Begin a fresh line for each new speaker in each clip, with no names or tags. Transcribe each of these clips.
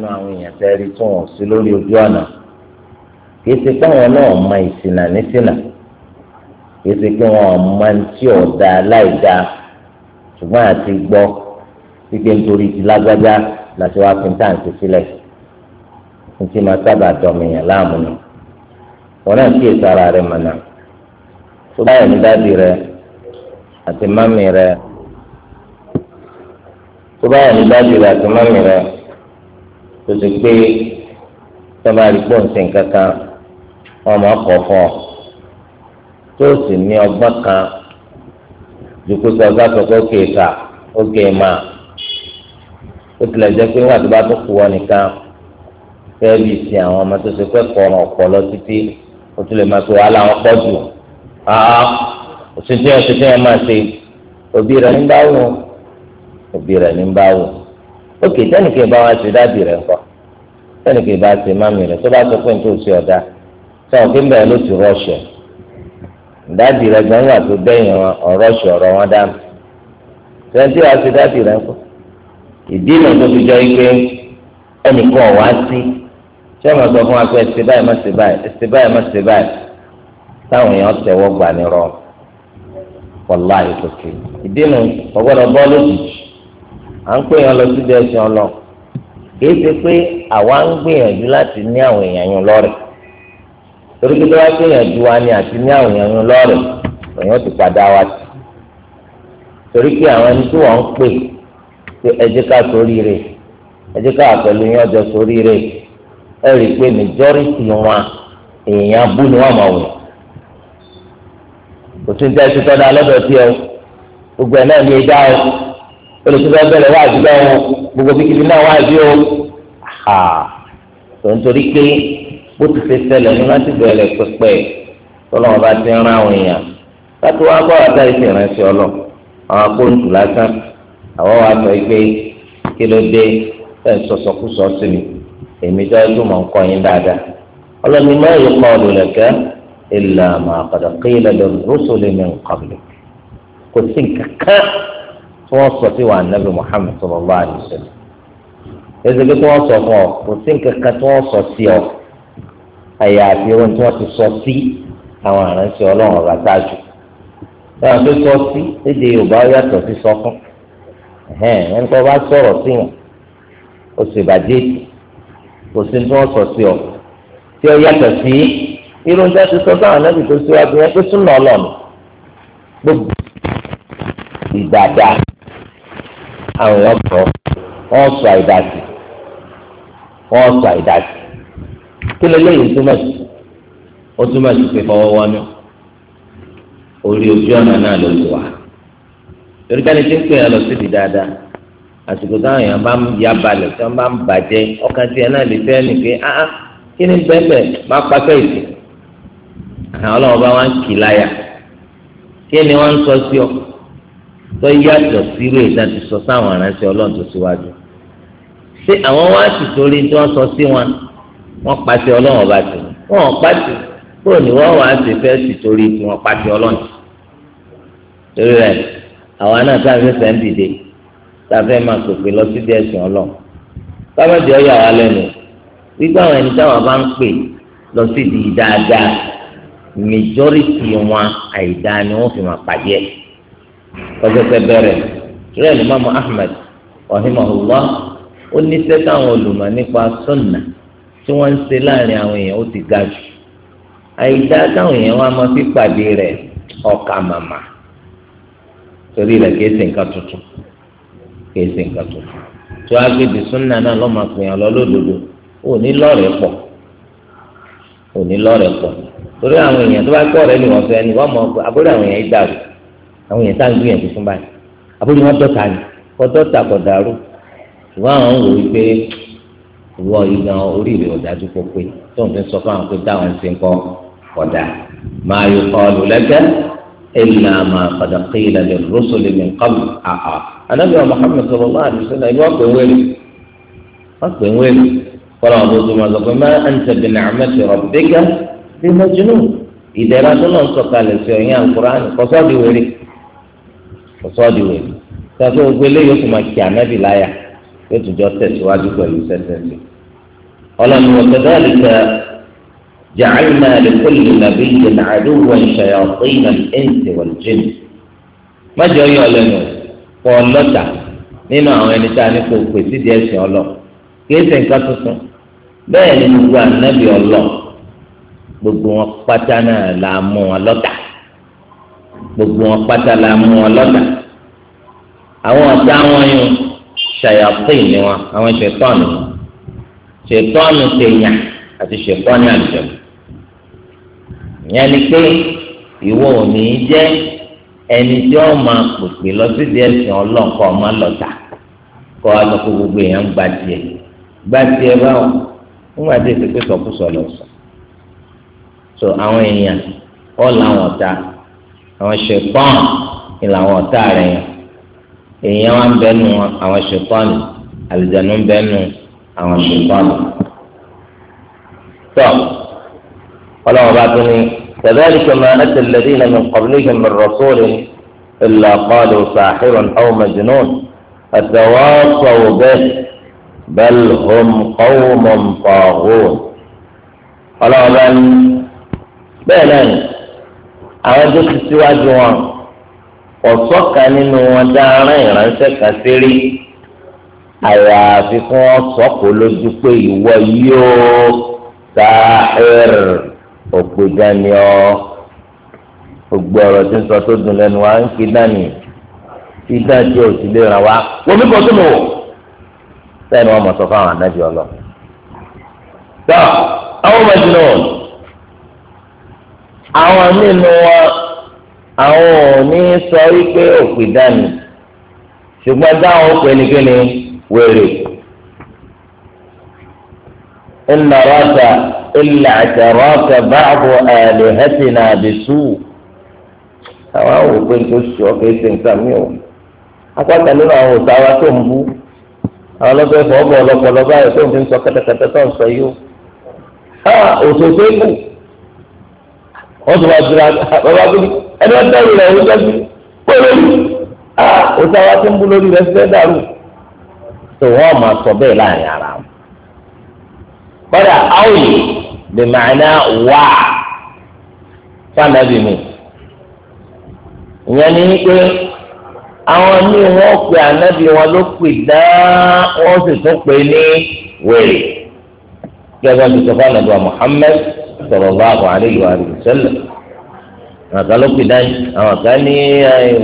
nínú àwọn èèyàn tẹ́ rí tí wọ́n sí lórí ojú ọ̀nà kì í ṣe pé àwọn náà mọ ìṣìnà níṣìnà kì í ṣe pé wọn mọ tí ọ̀dà aláìda ṣùgbọ́n àti gbọ́ pípé nítorí ti lágbájá láti wá pin táǹtì sílẹ̀ ní tí máa sábà dọ̀mìyàn láàmú ni wọn náà kí èso ara rẹ mọ̀nà tó báyọ̀ ní dádì rẹ àti mọ́mì rẹ tó báyọ̀ ní dádì rẹ àti mọ́mì rẹ tó ti pé tọ́ba àdìpọ̀ nsìn kankan ọmọ ọkọ̀ fún ọ tó sì ní ọgbọ́n kan dùkú sọ ọgbà sọ pé ó kéè kà ó kéè máa ó tilẹ̀ jẹ́ pé nígbà tó bá tó kú wọn nìkan fẹ́ẹ́ bí ìsìn àwọn ọmọ tó ṣe pẹ́ kọ̀ọ̀rọ̀ ọ̀pọ̀lọ títí ó tún lè máa pe wàhálà wọn pọ̀ jù áá òṣìṣẹ́ òṣìṣẹ́ yẹn máa ṣe òbí rẹ̀ ní báwò òbí rẹ̀ ní báwò ókè tẹnìkì bá wa ṣe dábì rẹ ńkọ́ tẹnìkì bá ṣe mami rẹ tó bá sọ pé nítorí ṣe ọdá sọ pé bẹ́ẹ̀ ló ti rọṣẹ dábì rẹ gan wà tó dẹ̀yìn wọn ọrọṣẹ ọ̀rọ̀ wọn dànù tẹnìkì wa ṣe dábì rẹ ńkọ́ ìdí ìmọ̀ tó fi jọ ike ẹnìkan wá sí ṣé wọn sọ fún wa pé ẹsẹ báyìí má ṣe báyìí ẹsẹ báyìí má ṣe báyìí táwọn èèyàn tẹ́wọ́ gbà ní rọ wọláhì tó à ń pè yàn lọ síbi ẹ̀sìn ọlọ kìí ṣe pé àwa ń gbìyànjú láti ní àwọn èèyàn yẹn lọ́rẹ̀ torí gbìyànjú wa ni àti ní àwọn èèyàn èèyàn ti padà wá sí torí pé àwọn ẹni tí wọ́n ń pè pé ẹ ká sórí rẹ̀ ẹ ká pẹ̀lú yín ọjọ́ sórí ni wọ́n kò tún jẹ́ títọ́ da olùsọ́fẹ́ bẹ̀rẹ̀ wá àdúgbò wọn gbogbo kíkiri náà wá àdúgbò ha tó ń torí pé bó ti ṣe ṣẹlẹ̀ ní láti bẹ̀rẹ̀ pẹpẹ tọ́lọ́wọ́n bá ti ń rán àwọn èèyàn láti wá bọ́ àtà ìṣe ìránṣẹ́ ọlọ àwọn akóńtù lásán àwọn wa sọ pé kí ló dé ẹ̀ sọ̀sọ̀kúsọ sí mi èmi jẹ́ ẹ̀dùn nǹkan yín dáadáa ọlọ́ni máa yọ pa olùlẹ̀kẹ́ ìlànà àpàdàkì ìlànà rúṣọlẹ̀ mi nǹkan mi kò sí nǹkan kan tí wọ́n sọ sí wa nabi muhammed sallallahu alayhi wa sallam ezeke tí wọ́n sọ fún ọ kò sí nǹkan kan tí wọ́n sọ sí ọ àyàfi ohun tí wọ́n ti sọ sí àwọn àránṣẹ́ ọlọ́run ọba ṣáájú ẹ̀rọ tó sọ sí léde yorùbá ó sí sọ fún ẹ̀hẹ́n tó bá sọ̀rọ̀ sí wọn ó sì bàjẹ́ ètò kò sí tí wọ́n sọ sí ọ tí ó yàtọ̀ sí irú ń tẹ́tí sọ sáwọn anábì tó síwájú yẹn pé súnà ọlọ́run gbogbo ìgbàdà àwọn èèyàn bọ̀ wọ́n sọ àìdásí wọ́n sọ àìdásí kí lélẹ́yìn túmọ̀ sí ó túmọ̀ sí pé fọwọ́ wọnú orí ojú ọ̀nà náà ló ti wà torí ká ní tí ń pè é lọ dáadáa àsìkò táwọn èèyàn bá ya balẹ̀ tí wọ́n bá ń bàjẹ́ ọkàn náà lè fẹ́ ni pé áá ah, ah, kí ni bẹ́ẹ̀ máa pàṣẹ ìsìn àwọn ọlọ́wọ́ bá kì láyà ọ tó yàtọ̀ sírò ìdájú sọ sáwọn aránṣẹ́ ọlọ́run tó síwájú ṣé àwọn wá sì torí tí wọ́n sọ sí wọn wọ́n pàṣẹ ọlọ́run ọba tì wọ́n ò pàṣẹ kó ní wọ́n wá sì fẹ́ sì torí tí wọ́n pàṣẹ ọlọ́run tì torí rẹ̀ àwọn náà tá a fẹ́ fẹ́ ń dìde tá a fẹ́ máa pèpè lọ sí díẹ̀ sìn ọlọ́run kábàdì ọ̀yà wa lẹ́nu wípé àwọn ẹni táwọn bá ń pè lọ sí di dáadáa majority wọn àìdáa ni wọ́n fi máa pàdé ẹ̀ ọ̀sẹ̀sẹ̀ bẹ̀rẹ̀ rẹ̀ ní mamu ahmed rahimahullah ó ní sẹ́tà àwọn olùmọ̀ nípa sunna tí wọ́n ń ṣe láàrin àwọn èèyàn ó ti ga jù àyíká èèyàn máa fi pàdé ọkà màmá torí kìí ṣe nǹkan tuntun kìí ṣe nǹkan tuntun tó a di náà lódodo ní pọ, ní pọ. torí àwọn èèyàn tó bá ni ni àwọn èèyàn àwọn èèyàn tá à ń gbìyànjú fún báyìí àbúrò wọn dọ́ta ni kọ́ dọ́ta kọ́ dàrú ṣùgbọ́n àwọn ń wò ó pé ìwọ ìgbà orí rẹ̀ ọ̀dájú kó pé tó ń fi sọ fún àwọn pé táwọn ti ń kọ́ kọ̀dà máa yọ kọlù lẹ́gẹ́ ẹ̀là máa padà kéèlà lè rọ́sọ̀lẹ̀ mi kọ́lù àhà anábì wa Muhammad sallallahu alaihi wasallam ẹni wọ́n pè ń wẹ̀lú wọ́n pè ń wẹ̀lú kọ́lá wọn bó tó máa sọ pé má ń tẹ̀bi nàámẹ́tì rabbika bí mẹ́jọ́nù ìdẹ̀ra tó náà sọ̀kalẹ̀ sí ọ̀yìn àkùrá ọ̀sọ́ọ̀dì wẹ̀ sọ́kè gbogbo eléyìí kò máa kí ànábì láyà yóò tún jọ tẹ̀síwájú pẹ̀lú sẹ́sẹ́sì ọlọ́ni wọ́n tẹ̀lé àlùkò jàǹnà lẹ́kọ̀lì nàbí yẹn àdúgbò ìṣẹ̀yà ọ̀sìn ẹ̀ǹtì wọ̀lùjìn májọ yọ lẹ́nu pọ̀ lọ́tà nínú àwọn ẹni tá a ní kò pè sí díẹ̀ sí ọlọ́ kìí nǹkan tuntun bẹ́ẹ̀ ni gbogbo ànábì ọlọ́ gbogbo wọn pátá náà la mú wọn lọ́tà gbogbo wọn pátá la mú wọn lọ́dà àwọn ọ̀tá wọn yìí ṣàyàpín ni wọn àwọn ṣètọ́nù ṣètọ́nù tèèyàn àti ṣètọ́nù àjọ ìyẹn ni pé ìwọ ò ní í jẹ́ ẹni tí ó máa pèpè lọ sí díẹ̀ sìn ọlọ́ọ̀kọ́ ọmọ lọ́dà kọ́ àtọ́kọ́ gbogbo èèyàn gba tiẹ̀ gba tiẹ̀ báwọn nígbà tí èsì pé sọkúsọ lọ sọ so àwọn èèyàn ọ̀ làwọn ọ̀tá. àwọn ṣèpọ́n ni làwọn ọ̀tá rẹ̀ yẹn èèyàn wa ń bẹnu àwọn ṣèpọ́n ni àlùjánu ń bẹnu àwọn ṣèpọ́n ni. tọ́ ọlọ́run bá tún ní tẹ̀lé كذلك ما أتى الذين من قبلهم من رسول إلا قالوا ساحر أو مجنون أتواصوا به بل هم قوم طاغون قالوا bẹ́ẹ̀ بل àwọn tó ti síwájú wọn ọ̀sọ́ka nínú wọn dá ara ìránṣẹ́ kan sírí àyàfi kí wọ́n sọ́kò lójú pé ìwọ yóò ta ẹ̀r òpèjàni ọ gbogbo ọ̀rọ̀ tí ń sọ tó dùn lẹ́nu wa ń kí dání tí dájú ò sì lè ràn wá omi kan tó lò wò sẹ́ni wọ́n mọ̀ sọ fáwọn adájọ́ lọ. tọ́ àwọn ọmọ ìdùnnú àwọn nínú wọn àwọn ò ní sọ wípé òpìdánù ṣùgbọ́n dáhùn pẹ̀lẹ́pẹ̀lẹ́ wèrè ńlọrọ́ta ilẹ̀ àtẹ̀rọ́ta báàbò àlè hẹ́tìnà àbísù àwọn àwọn òpè tó sọ kéésì nǹkan mi ò akọ́ta nínú àwọn òtá wa tó ń bú àwọn ọlọ́gbẹ́fọ́ ọgbọ̀ ọlọ́pọ̀ ọlọ́gbà rẹ̀ tó ń fi sọ kẹ́tẹ́kẹ́tẹ́ tó ń sọ yìí ó òṣòṣò ìlú. wọ́n tún bá tura bàbá gbé ẹni wọ́n tẹ́lẹ̀ rẹ̀ wọ́n a tó ń bú lórí rẹ̀ fẹ́ dàrú tó wọ́n sọ bẹ́ẹ̀ láàrin ara wọn. kọ́dà áwòye lè wá fànàbí mi ìyẹn ní pé àwọn ànábì wọn ló pè sì tún pè ní wèrè sallallahu alaihi wa sallam àwọn kan ló pè dáyé àwọn kan ní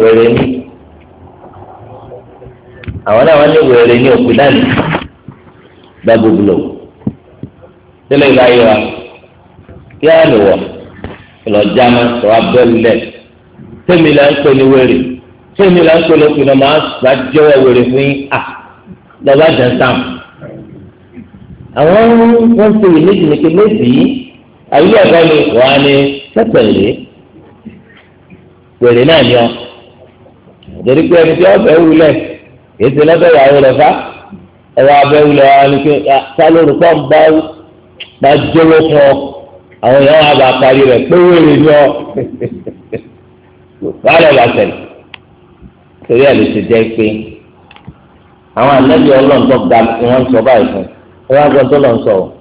wẹ̀rẹ̀ ní àwọn náà wọ́n ní wẹ̀rẹ̀ ní òpè dáyé gbàgbógbò tẹ́lẹ̀ ìbáyé wa kí á lò wọ̀ ìlọjà máa sọ abẹ́lẹ̀ tẹ́mi là ń pè ní wẹ̀rẹ̀ tẹ́mi là ń pè lópin náà máa bá jẹ́wọ́ wẹ̀rẹ̀ fún yín à lọ́ba jẹ́ sáà àwọn wọn ń pè é méjì ní
àbílẹ̀ ẹ̀kọ́ ni wọ́n á
ní sẹ́tẹ̀lé pèrè náà ni ọ́ torí pé ẹni tí wọ́n fẹ́ wulẹ̀ kìí ṣe lọ́fẹ̀ẹ́ ìyàwó rẹ̀ fá ẹ̀rọ abẹ́ wulẹ̀ wa ni pé ta ló rò pọ́n bá bá jóló fún ọ àwọn èèyàn wà bá parí rẹ̀ pé wèrè ni ọ wàhálà bá tẹ̀lé torí ẹ̀ ló ti jẹ́ pé àwọn àlejò ọlọ́ọ̀tọ́ ga ni sọ báyìí fún ẹ wọ́n á gbọ́dọ̀ sọ̀rọ̀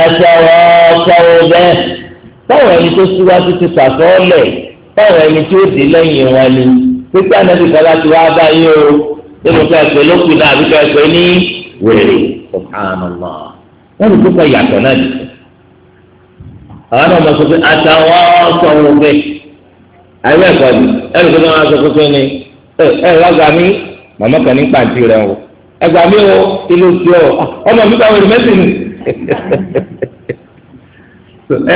ọ̀sọ̀rọ̀ọ̀sọ̀rọ̀ bẹ́ẹ̀ táwọn ẹni tó síwájú ti sàtọ́ọ̀lẹ̀ táwọn ẹni tí ó dé lẹ́yìn wọn ni pípẹ́ ànábì kọ́lá ti wá bá yín o nínú kẹfẹ́ lókùn náà àbí kẹfẹ́ ní wèrè subhanallah wọn ní púpọ̀ yàtọ̀ náà dì sí. àwọn náà mọ̀ sọ pé àtàwọn ọ̀sọ̀rọ̀ bẹ́ẹ̀ àyẹ̀wò ẹ̀kọ́ ni ẹ̀rù tó náà sọ pé ní ẹ̀ ẹ̀ lọ́gàá mi màmá kan ní pàǹtí rẹ̀ o ẹ̀gbà mi o ilé oṣù ọ ọmọ mi bá wẹ̀rẹ̀ mẹ́sìn ni.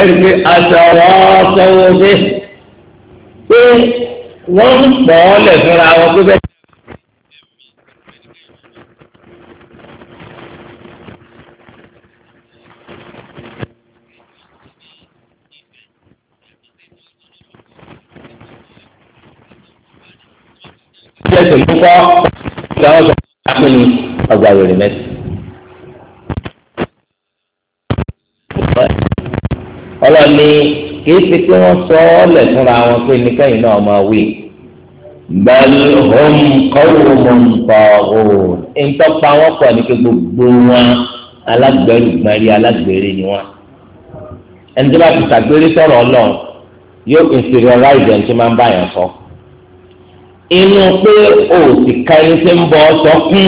ẹgbẹ́ àtàwọ̀ ọ̀sọ̀wọ́dé pé wọ́n ń pọ̀ ọ́ lẹ̀ fúnra wọn pé bẹ́ẹ̀. Ìjẹ́sìn púpọ̀ ìjọba àpẹẹrẹ ọgbà wèrè mẹ́sì. ọlọ́ni kìí ṣe pé wọ́n sọ ọ́ lẹ̀ fúnra wọn pé nìkẹ́yìn náà máa wí. bẹ́ẹ̀ni òun kọ́wọ́ mọ̀ ń pa òun. ìtọ́pa wọn pọ̀ ní pé gbogbo wọn alágbèrè gbẹ̀rẹ̀ alágbèrè ni wọn. ẹni tí wọ́n ti ṣàgbéré sọ̀rọ̀ náà yóò inferiorize ẹni tí máa ń bá yẹn sọ. inú pé o ti ka ẹni tí ń bọ́ ọ sọ kún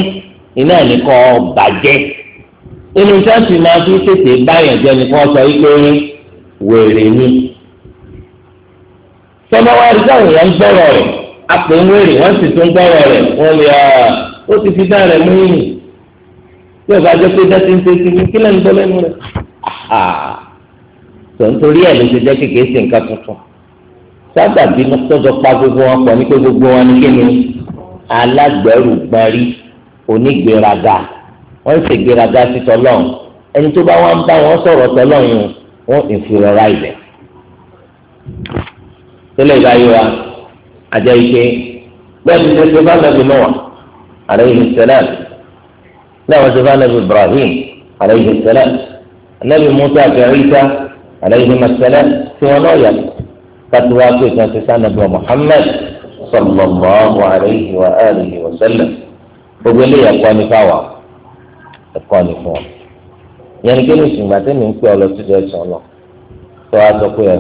iná ẹ̀ ní kọ́ bàjẹ́ inú sẹ́ẹ̀sì máa fi tètè báyọ̀ jẹ́ ni kò sọ wípé wèrè ni tọ́ba wa rí táwọn èèyàn ń gbọ́rọ̀ rẹ̀ apò ń wèrè wọ́n sì tún gbọ́rọ̀ rẹ̀ wọ́n lè ah, ó ti fi dá rẹ̀ mú yìnyín tí ò bá jẹ́ pé dá ti ń tẹ́tí ní kílẹ̀ ń gbọ́ lẹ́nu rẹ̀ tó ah, ń torí ẹ̀ ló ti jẹ́ kékeré sí nǹkan tuntun sábà bí tọ́jọ́ pa gbogbo wọn pọ̀ ní pé gbogbo wọn ní kíni wọ́n ń ṣègbéraga sí tọ́lọ́n ẹni tó bá wá ń bá wọn sọ̀rọ̀ tọ́lọ́n yìí wọ́n inferiorize tẹ́lẹ̀ ìbáyé wa àjẹ́ ike bẹ́ẹ̀ni ní ṣe bá nàbì Nuh alayhi salam náà wọ́n ṣe bá nàbì Ibrahim alayhi salam nàbì Musa àti Isa alayhi salam tí wọ́n náà yà kátó pé kan ṣe sànàbì Muhammad sallallahu alayhi wa alihi wa sallam gbogbo ẹ̀kọ́ ni fún ọ yẹn kí ni ìsìngbà tẹ́mi ń pè ọ lọ sí ìjọsìn ọ̀nà tó a sọ pé ẹ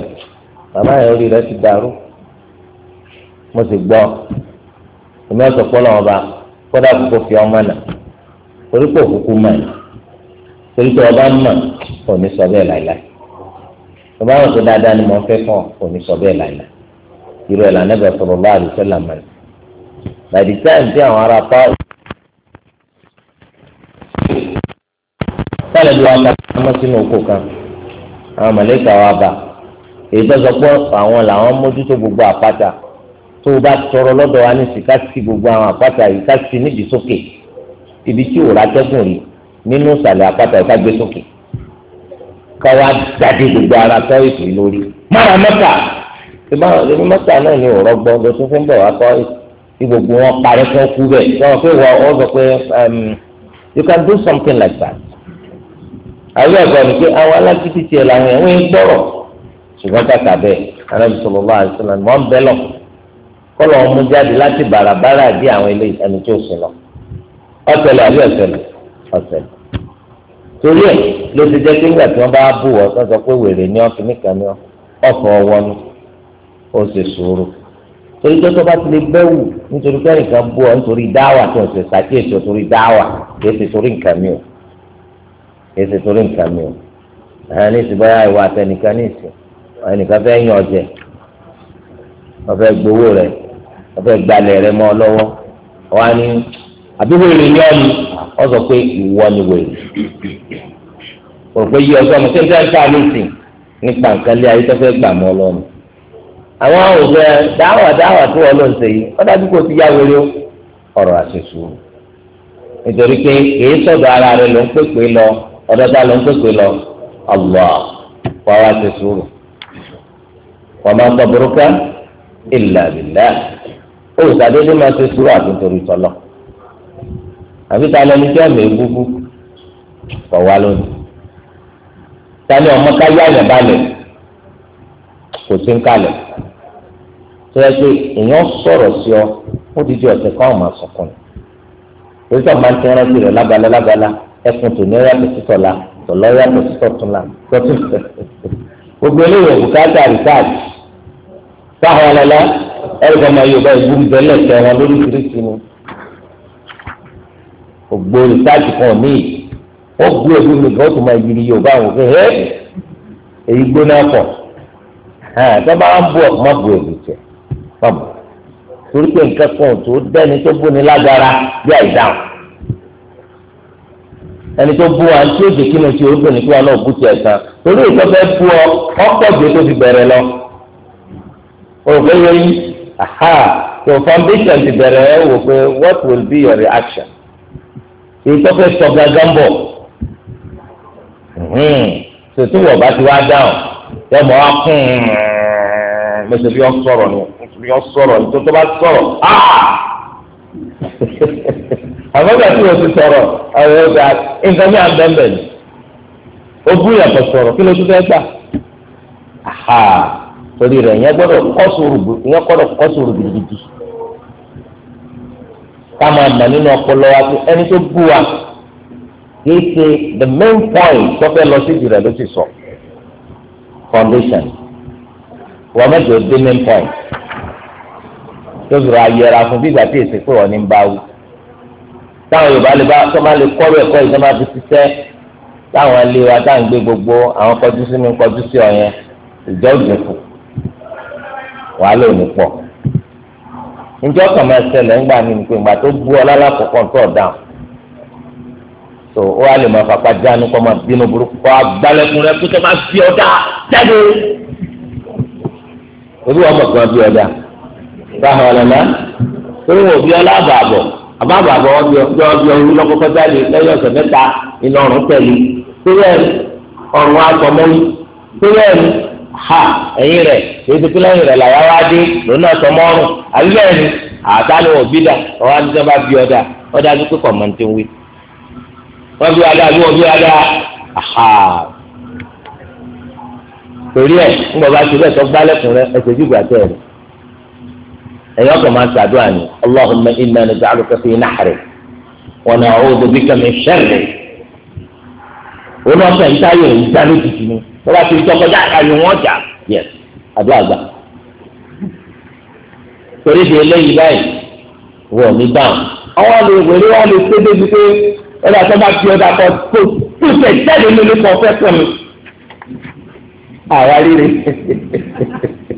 màmá yẹn orí rẹ ti dàrú mo sì gbọ́ èmi ọ̀sọ̀ pọ́lọ́ ọba kódà kókó fi ọmọ nà torí pé òkúkú mọ̀ ní torí pé ọba mọ̀ kò ní sọ bẹ́ẹ̀ láìláì ọba àwọn tó dáadáa ni mo fẹ́ fún ọ kò ní sọ bẹ́ẹ̀ láìláì irú ẹ̀ lànà bẹ̀ sọ̀rọ̀ bá àdìsẹ́ by the time tí àwọn ará pa sálẹ̀ bí wọ́n bá ọmọ sínú oko kan àwọn mọ̀lẹ́kà wa bá èyí tó sọ pé àwọn làwọn mójútó gbogbo àpáta tó o bá tọrọ lọ́dọ̀ wa ní sìkà sí gbogbo àwọn àpáta yìí ká sí níbi sókè ibi tí òòrà tẹ́gùn rí nínú ìsàlẹ̀ àpáta yìí ká gbé sókè ká wá dàdé gbogbo ara tọ́ìsì lórí mára mẹ́ta ìbáraẹni mẹ́ta náà ni òòrọ̀ gbọ́ lọ tó fún bọ̀ wá tọ́ìsì tí gbogbo wọn parí fún kú bẹ́ẹ̀ wọ́n fẹ́ wọ sọ pé um, you can do something like that àbí ẹ̀kọ́ ni pé àwọn alágídí tiẹ̀ làwọn ẹ̀wọ̀n ń gbọ́rọ̀ ṣùgbọ́n kàkà bẹ́ẹ̀ anábì sọ̀rọ̀ bá àìsàn náà wọ́n bẹ́ lọ kọ́lọ̀ ọmú jáde láti bàràbàrà bí àwọn ilé ẹni tó sùn lọ
ọ̀tẹ̀lẹ̀ àbí ọ̀tẹ̀lẹ̀
ọ̀tẹ̀lẹ̀ torí ẹ̀ ló ti jẹ́ pé nígbà tí wọ́n bá bù ọ́ sọ́sọ pé wèrè ni ọ́ kìíní kan ni ọ́ ọ̀fọ̀ ọwọ́nu ó sì nìkan bù ọ́ nítorí ese í ṣe torí nǹkan mi o ẹ̀hán ní ìsìn báyà ìwà àtẹnìkan ní ìsìn ẹnìkan fẹ́ yàn ọ̀jẹ̀ wọ́n fẹ́ gbowó rẹ. wọ́n fẹ́ gbalẹ̀ ọ lọ́wọ́ wọ́n á ní àbíwò sọ pé ìwọ ni wèrè kò pé yí ọjọ́ mi ní ìsìn nípa nǹkan lé ayé tó fẹ́ gbà mọ́ àwọn tó ló ń ṣe yìí dájú kó ti o ọ̀rọ̀ nítorí pé èyí ara ló ọ̀dọ̀ ta ló ń pèpè lọ Allah wàá ti sùúrù wa ma sabruka illa billah olùsàdédé máa ti sùúrù àtúntorí tọ́lọ̀ àbí ta lẹni tí ọ̀mẹ̀ gbúgbú kọ̀ wá lónìí ta ni ọmọ ká yá ìyàn balẹ̀ kò sí ń kalẹ̀ tó yẹ pé èèyàn sọ̀rọ̀ sí ọ ó ti di ọ̀sẹ̀ kan ọ̀mà sọ̀kùnrin èyí tó máa ń tẹ́ rántí rẹ̀ lábala lábala ẹkùn tòní ọyàtọ̀ sí tọ̀la tọ̀la ọyàtọ̀ sí tọ̀túnla tọ̀tún gbogbo eléyìí òbúkátà rìsáàjì sáwọn ọlọlá ẹgbẹ́ ọmọ yorùbá ìlú ìbẹlẹ tẹwọn lóríṣiríṣi ni ògbó rìsáàjì kan míì wọn gbé ewu mi kí wọn tún máa yiri yorùbá àwọn òfin hẹ èyí gbóná pọ tó bá ń bọ má bu èdè jẹ má bu torí pé nǹkan kan tó dẹni tó bóni lágara bí àìdáhùn ẹni tó bú wa tí ó jẹ kí ni tí orúkọ ní kí wọn náà bú tiẹ̀ tán torí ìtọ́ fẹ́ bú ọ ọ̀pọ̀ ju tó fi bẹ̀rẹ̀ lọ. òrùkọ yẹ yí aha so foundation ti bẹ̀rẹ̀ ẹ wò pé what will be your reaction? ìtọ́ fẹ́ sọ gangan bọ̀ hmm. tòtú wọ̀ bá ti wá dáhùn
yẹ mọ̀ wá kún un
mẹsàn-án bí wọ́n sọ̀rọ̀ ni bí wọ́n sọ̀rọ̀ ni tó tó bá sọ̀rọ̀ ah àbọ̀gbà tí wọ́n ti sọ̀rọ̀ àwọn ọ̀gá nǹkan bí àbẹ̀mẹ̀ ni ó bú yàtọ̀ sọ̀rọ̀ kí ló tún fẹ́ gbà aha torí rẹ̀ yẹn gbọ́dọ̀ kọ́ sùúrù gidigidi ká máa mọ̀ nínú ọpọlọ wa pé ẹni tó bú wa kìí ṣe the main point tó fẹ́ lọ sí ìdìrẹ̀ ló ti sọ foundation wọ́n mẹ́jọ dé main point yóò sọ̀rọ̀ ayẹra fún bí ìgbà tí èsì pé wọ́n ní ń bá wù. táwọn yorùbá lè bá tó máa lè kọ́rọ̀ ẹ̀kọ́ yìí tó máa fi ṣiṣẹ́ táwọn ilé wa táwọn gbé gbogbo àwọn kọjú sí mi kọjú sí ọ yẹn ìjọ òdìkù wàá lò ní pọ̀. njẹ́ ọkàn máa ṣẹlẹ̀ ńgbà mi ni pé ìgbà tó bú ọ lálàkọ̀kọ̀ tó ọ̀dáhùn so ó wá lè máa fapá jánu kọ́ máa bínú burúkú kọ́ agbálẹ́kùn rẹ pé tó máa fi ọ̀dà jáde. sáà ọ̀lẹ́lẹ́ torí wọn ò bí ọlá àbàbọ̀ àbàbọ̀ ọbẹ̀ ọbẹ̀ ọrú lọ́kọ́kọ́ jáde lẹ́yìn ọ̀sẹ̀ mẹ́ta iná ọ̀run pẹ̀lú torí ẹ̀ ọ̀run asọ̀mọ́yì torí ha ẹ̀yìn rẹ̀ èyí tó lẹ́yìn rẹ̀ làyà wá dé lónà aha torí ti ẹ̀yọ́ kan máa ń ṣàdúrà ní Allahumma inna naj'aluka fi nahri wa na'udhu bika min sharri olùwàfẹ́ ìtayọ̀ ìjà lójijì ni wọ́n bá ti ń tọkọjá àyè wọn jà yẹs àdúrà gbà torí di eléyìí báyìí wọ̀ mí dáhùn àwọn àlèwèrè wọn lè ṣe débi pé ẹ̀rọ àti ọba tí ọ̀dà kan tó tó tẹ̀ jáde nínú kan fún mi àwa rírì.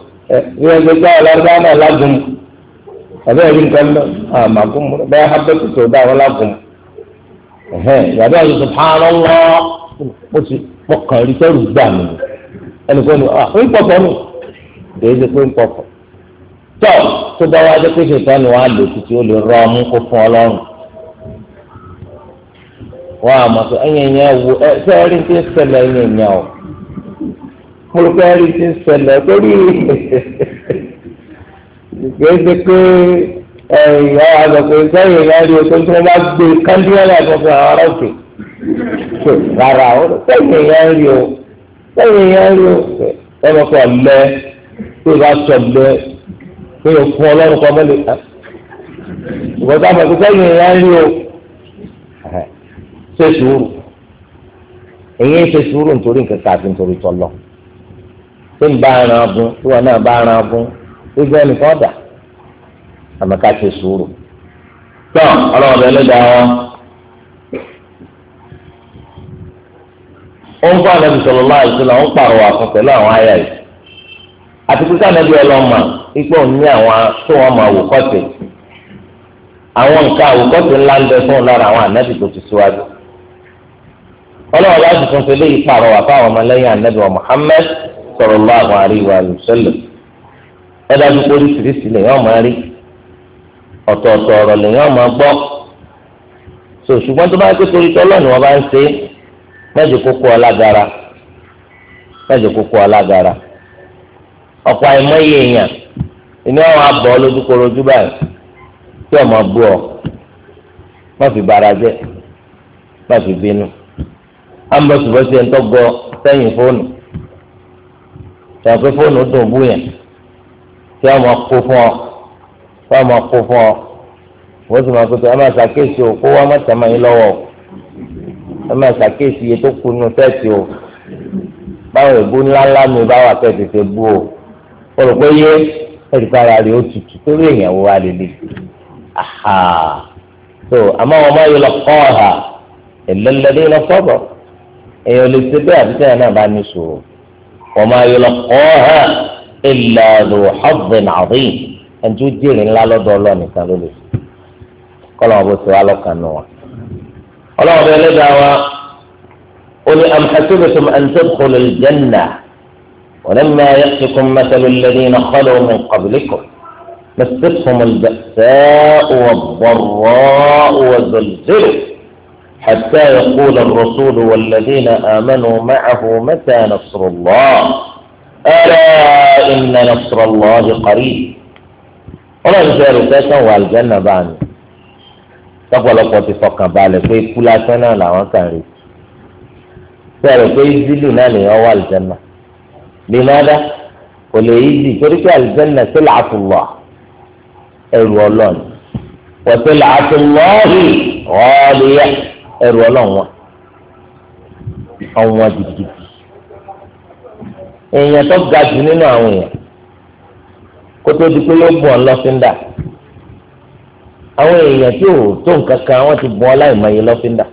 ìwé ẹgbẹ́ gbá ọlọ́dún náà lágùn àbẹ́ ẹ̀rí nǹkan lọ àmàgùn mú bẹ́ẹ̀ hábẹ́ tuntun bá wọn lágùn yàtọ̀ àti subhanallah mo ti pọkàn rí sẹ́rù gbà mí ẹnikẹ́ni à ń pọ̀pọ̀ nù kìí ṣe pé ń pọ̀pọ̀ tọ́ tó bá wá dé pé ṣètọ́nù wa lò títí ó lè rọ ọmú kó fún ọlọ́run wọ́n àmọ̀ sọ ẹ̀yìn ẹ̀yìn ẹ̀ wò ẹ̀ mo rò pé ẹ̀rí ti ń ṣẹlẹ̀ torí gbèsè pé ẹ̀yà àgbàgbé sẹ́yìn náà rí o tó ń tí wọ́n bá gbé kándíọ́lá tó fi àwọn ará òkè tó rárá o sẹ́yìn náà rí o sẹ́yìn náà rí o ẹ̀rọ kọ̀ lẹ́ tó bá sọ lẹ́ pé o fún ọlọ́run kọ́ mọ́lẹ̀ ká ìgbọ́dọ̀ àgbàgbé sẹ́yìn náà rí o ṣe sùúrù èyí ṣe sùúrù nítorí nǹkan ká àti nítorí tọ́lọ́. tí ń bá ara ọbùn tí wọn náà bá ara ọbùn gbígbé ẹnìkan dà àmọ́ ká ṣe sùúrù tọ́ ọlọ́run ọ̀bẹ ló wọn. ó ń láì sí ó ń pàrọwà fún pẹ̀lú àwọn àyà yìí àti pé ipò ní àwọn tó wọn àwọn nǹkan ńlá ń bẹ fún un lára àwọn sallallahu alaihi wa sallam ẹ̀dá dúpọ̀ oríṣiríṣi lèyàn máa rí ọ̀tọ̀ọ̀tọ̀ ọ̀rọ̀ lèyàn máa gbọ́ so ṣùgbọ́n tó bá ń pé torí tọ́lọ́ ni wọ́n bá ń ṣe mẹ́jọ kókó ọlágara mẹ́jọ kókó ọlágara ọ̀pọ̀ àìmọye èèyàn ìní àwọn abọ́ lójúkorojú báyìí tí ọmọ bú ọ má fi bara jẹ má fi bínú àmbọ̀sibọ́sí ẹ̀ ń tọ́gbọ́ sẹ́yìn fóònù tọ́ pé fóònù dùn bú yẹn tí wọ́n máa kó fún ọ tí wọ́n máa kó fún ọ wọ́n sì máa kó tó ẹ máa ṣàkíyèsí o kó wá má tẹ̀ máa yín lọ́wọ́ o ẹ máa ṣàkíyèsí iye tó kù nù sẹ́ẹ̀tì o báwo ìbú ńláńlá mi bá wà kẹ́ẹ̀ tètè bú o o rò pé yé ẹ̀ríkà ara rẹ̀ ó tutù torí èèyàn wo wá lélẹ̀ aha so àmọ́ wọn máa yọ lọ kọ́ ọ̀hà ẹ̀lẹ́lẹ́dẹ́ lọ sọ́bọ̀ èèyàn lè ṣe bẹ́ẹ̀ àbíkẹ́yà náà bá ní sòrò. وما يلقاها إلا ذو حظ عظيم أن تجير لا الله نسأل لي قال أبو سوالو كانوا قال أبو لدعوة قل أم حسبتم أن تدخلوا الجنة ولما يأتكم مثل الذين خلوا من قبلكم مستهم البأساء والضراء وزلزلوا حتى يقول الرسول والذين آمنوا معه متى نصر الله ألا إن نصر الله قريب ولا يزال كاسا والجنة باني تقول لك وفي فقا بالي في كل سنة لا وكاري تقول لك يزيلي إيه ناني هو الجنة لماذا؟ قل يزي إيه فرك الجنة سلعة الله أيوة الولون وسلعة الله غالية ẹrù ọlọ́wọ́n ọ̀wọ́n gidigidi èèyàn tó ga jù nínú àwọn èèyàn kó tó di pé yóò bù ọ́ lọ́fíńdà àwọn èèyàn tí ò tó nǹkan kan wọ́n ti bù ọ́ láìmọye lọ́fíńdà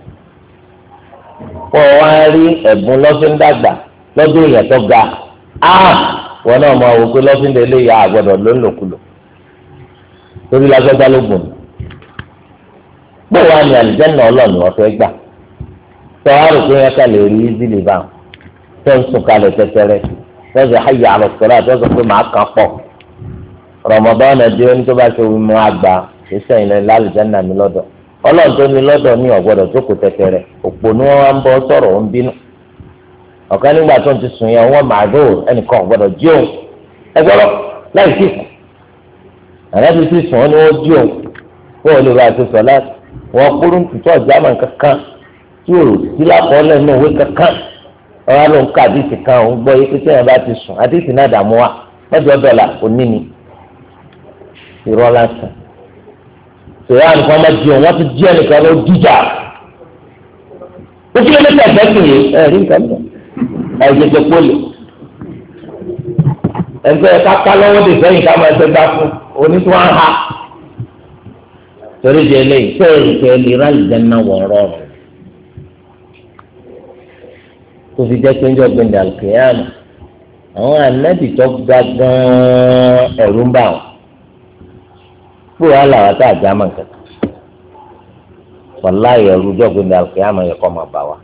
kó o wá rí ẹ̀bùn lọ́fíńdà gbà lọ́dún èèyàn tó ga áà wọn náà máa wò pé lọ́fíńdà eléyà àgbọ̀dọ̀ ló ń torí lágbájá ló gùn mí. bó wàá ní àlùjẹ́nà ọlọ́ọ̀ni wọ́n fẹ́ gbà tó wàá rò pé ká lè rí ìzìlì bá tó ń sùn kalẹ̀ tẹ́tẹ́rẹ́ lọ́sẹ̀ ayé àlùsọ̀rọ̀ àtọ́sọ̀ pé màá kàn pọ̀ rọmọdọ́nà ní tó bá ṣe wí àgbà ìlẹ̀ lálùjẹ́nà mi lọ́dọ̀ tó ní lọ́dọ̀ ní ọ̀gbọ́dọ̀ tẹ́tẹ́rẹ́ òpó ni wọ́n bọ́ sọ̀rọ̀ ń wọ́n kúrú tutọ́ jámà kankan tí o ti lákọọ́lẹ̀ náà wé kankan ọ̀rọ̀ ló ń ka àdìsí kan òun gbọ́ yé pété yẹn bá ti sùn àdìsí náà dààmú wa mẹ́jọ dọ́là òní ni irọ́ lásán tòun àwọn kan máa di òun wọ́n ti di ẹnìkan ló dìjà ó kí ló lè tẹ̀sẹ̀ sí yìí ẹ̀ rí nǹkan mọ́ ẹ̀ jẹjẹ pólì ẹ̀ ń fẹ́ ká ká lọ́wọ́ dè sẹ́yìn ká máa ẹsẹ̀ gbá fún onítúwọ̀n ha torí di eléyìí tẹ́ ìfẹ́ lera ìdáná wọ̀ọ́rọ́ rẹ̀ tó fi jẹ́ pé ń jọ gbẹ̀ndẹ̀ àlùkìyàmù àwọn ànábì tó ga gan-an ẹ̀rú ń bà wọ́n pé wàá làwọn tá a já mọ̀ kankan wàláyé ẹ̀rú jọ gbẹ̀ndẹ̀ àlùkìyàmù ẹ̀yẹ kọ́ máa bà wá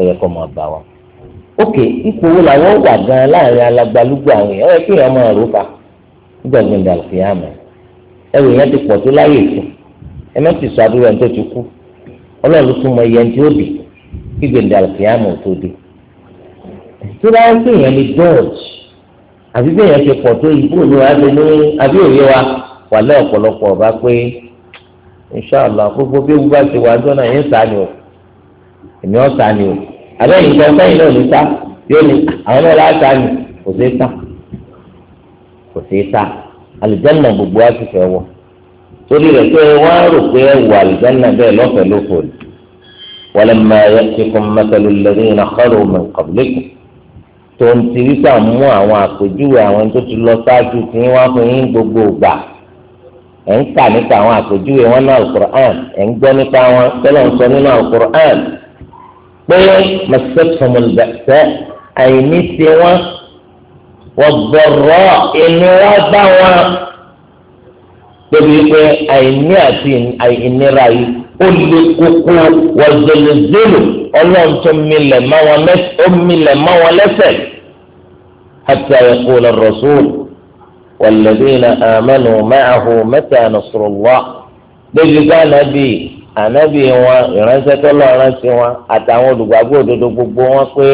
ẹ̀yẹ kọ́ máa bà wá ok ipò wo làwọn wà gan láàrin alágbálúgbò àwọn èèyàn ẹ̀yẹ kí èèyàn máa rò fa jọ gbẹ̀ndẹ̀ àlùkìyàmù ẹ̀ ẹrù yẹn ti pọ̀ tó láyè ètò ẹ má ti sọ àdúrà ẹni tó ti kú ọlọ́run tún mọ iye ẹni tí ó di kí gbèǹdàlù kìámù tó dé tó bá ń pè ní george àbí bẹ́ẹ̀ ti pọ̀ tó wa ní àbí wa wà lẹ́ ọ̀pọ̀lọpọ̀ ọba pé gbogbo bí ewu bá ti wà jọ́nà yín o èmi ọ̀ o àbẹ́yìn ìjọ sẹ́yìn náà ní sá yóò ní àwọn kò sí sá alìjánà gbogbo wa ti fẹ́ wọ̀ torí rẹ̀ pé wọ́n á rò pé ẹ̀wọ̀ alìjánà bẹ́ẹ̀ lọ́fẹ̀ẹ́ ló fò ní. walamma ya'tikum mathalu alladhina khalu min qablikum tó ń ti rí sà mú àwọn àpèjúwe àwọn tó ti lọ sáájú tí wọ́n fún yín gbogbo gbà ẹ̀ ń kà nípa àwọn àpèjúwe wọn náà alukur'an ẹ̀ ń gbọ́ nípa wọn tẹ́lẹ̀ ń sọ nínú alukur'an pé masatumu àìní tiwọn wọgbọrọ ìnira bá wọn tóbi pé àìní àti ìnira yìí ó lé kókó wọzẹlẹzẹlẹ Ọlọ́run tó milẹ̀ má wọn lẹ́sẹ̀ àti àyẹkù lọrọsọ wàlẹbìnà àmẹnu mẹàhù mẹ́ta nàṣọrọlá débi bá nàbì ànábì wọn ìránṣẹ́ tó ránṣẹ́ wọn àtàwọn olùgbàgbọ́ òdodo gbogbo wọn pé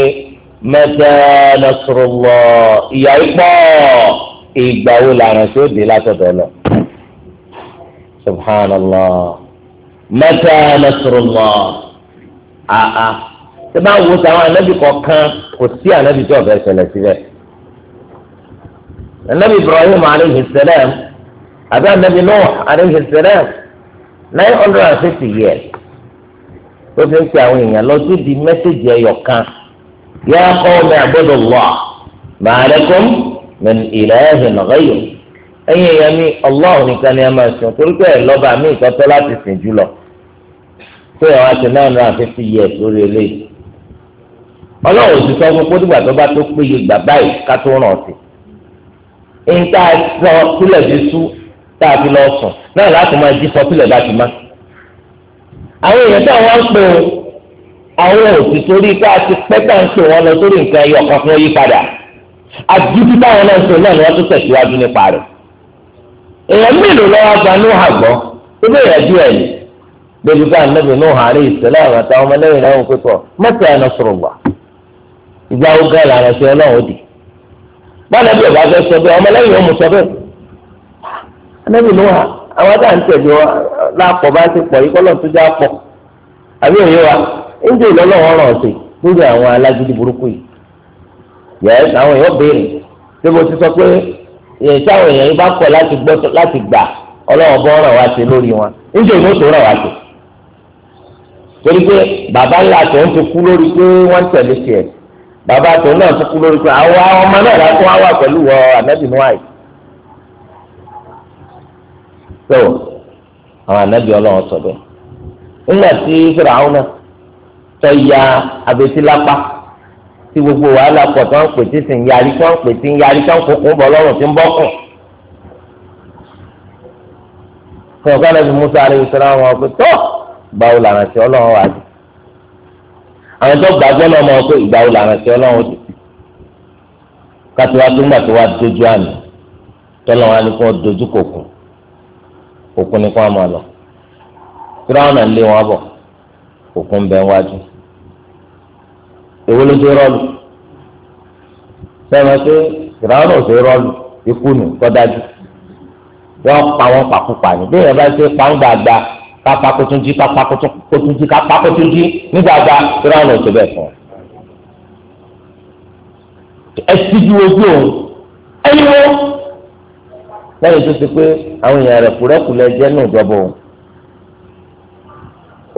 mẹtẹ lọsọrọlọ ìyá ipọ ìgbà wo làrán tí ó dé látọ̀dọ̀ lọ subhanallah
mẹtẹ
lọsọrọlọ àà tí bá wo sàwọn anabi kọ̀ọ̀kan kò sí anabi tí ọbẹ ṣẹlẹ̀ síbẹ̀ anabi ibrahim aleyhi salam àbí anabi nuh aleyhi salam nine hundred and fifty years tó fi ń pe àwọn èèyàn lọ sí di mẹsẹgì ẹyọ kan. يا قوم اعبدوا الله ما لكم من إله غيره ẹ̀yin ẹ̀yà mi ọlọ́run nìkan ni ẹ máa sùn torí pé ẹlọba mi ìtọ́tọ́ láti sìn jù lọ pé sọ àwọn òsì torí pé a ti pẹ́ tá à ń pè wọ́n lọ sórí nǹkan ẹyọ kan fún yí padà àdúgbò táwọn náà ń sọ náà ni wọ́n tún tẹ̀síwájú nípa rẹ̀ èèyàn mélòó lọ́wọ́ agbanú àgbọ́ tó bẹ́ẹ̀ yẹ díẹ̀ yìí bẹ́ẹ̀ bá nàbì nù ìṣẹ̀lẹ̀ àwọn àtàwọn ọmọ náà ń pẹ́ ẹ̀ ìgbà ogun ẹ̀ ńjẹ́ ìlọ́lọ́wọ́ ọ̀rọ̀ ọ̀sẹ̀ lórí àwọn alágídí burúkú yìí yẹ́sì àwọn èèyàn béèrè ṣé mo ti sọ pé èyí táwọn èèyàn bá kọ̀ láti gbọ́ láti gbà ọlọ́wọ́ bọ́ ọ̀rọ̀ wá sí lórí wọn ńjẹ́ ìlú tó rọ̀ wá sí. torí pé bàbá ńlá tó ń ti kú lórí pé wọ́n tẹ̀lé tiẹ̀ bàbá tó náà ti kú lórí pé àwọn ọmọ náà rà fún wa pẹ̀lú wọ ànábì nuwáì. tó àwọn ànábì ọlọ́wọ́ sọ bẹ́ẹ̀ nígbà tí fìràwọn náà tọ́ya abẹ́tí lápá tí gbogbo wàhálà pọ̀ tó ń pè tí sì ń yarí tó ń pè tí ń yarí tó ń kókó bọ̀ lọ́rùn tí ń bọ́ kùn. sọ̀rọ̀ lẹ́bi Musa alayhi salaam wọn pé tó báwo làrán sí ọlọ́run wà dé. àwọn tó gbàgbọ́ náà mọ̀ pé ìgbàwo làrán sí ọlọ́run dé. kátó tó ń gbà tó wa dojú àmì tọ́lọ́ wa ni kò dojú kò kù òkun ni kò máa lọ. tíráwọn náà lé wọn bọ̀ òkun bẹ́ẹ̀ wájú èwo ló ṣe rọlù sẹ́wọ̀n pé ìràwọ̀ náà ṣe rọlù ikú nù tọ́dájú wọ́n pa wọ́n pàkúpà ní bí èèyàn bá ṣe pa ń gbàgbà kápá kó tún jí kápá kó tún jí kápá kó tún jí nígbàgbà ìràwọ̀ náà ṣe bẹ́ẹ̀ fún un ẹsíjú ojú òun ẹyíwó lẹ́yìn tó ti pé àwọn èèyàn rẹ̀ kúrẹ́kùlẹ̀ jẹ́ ní ìjọba òun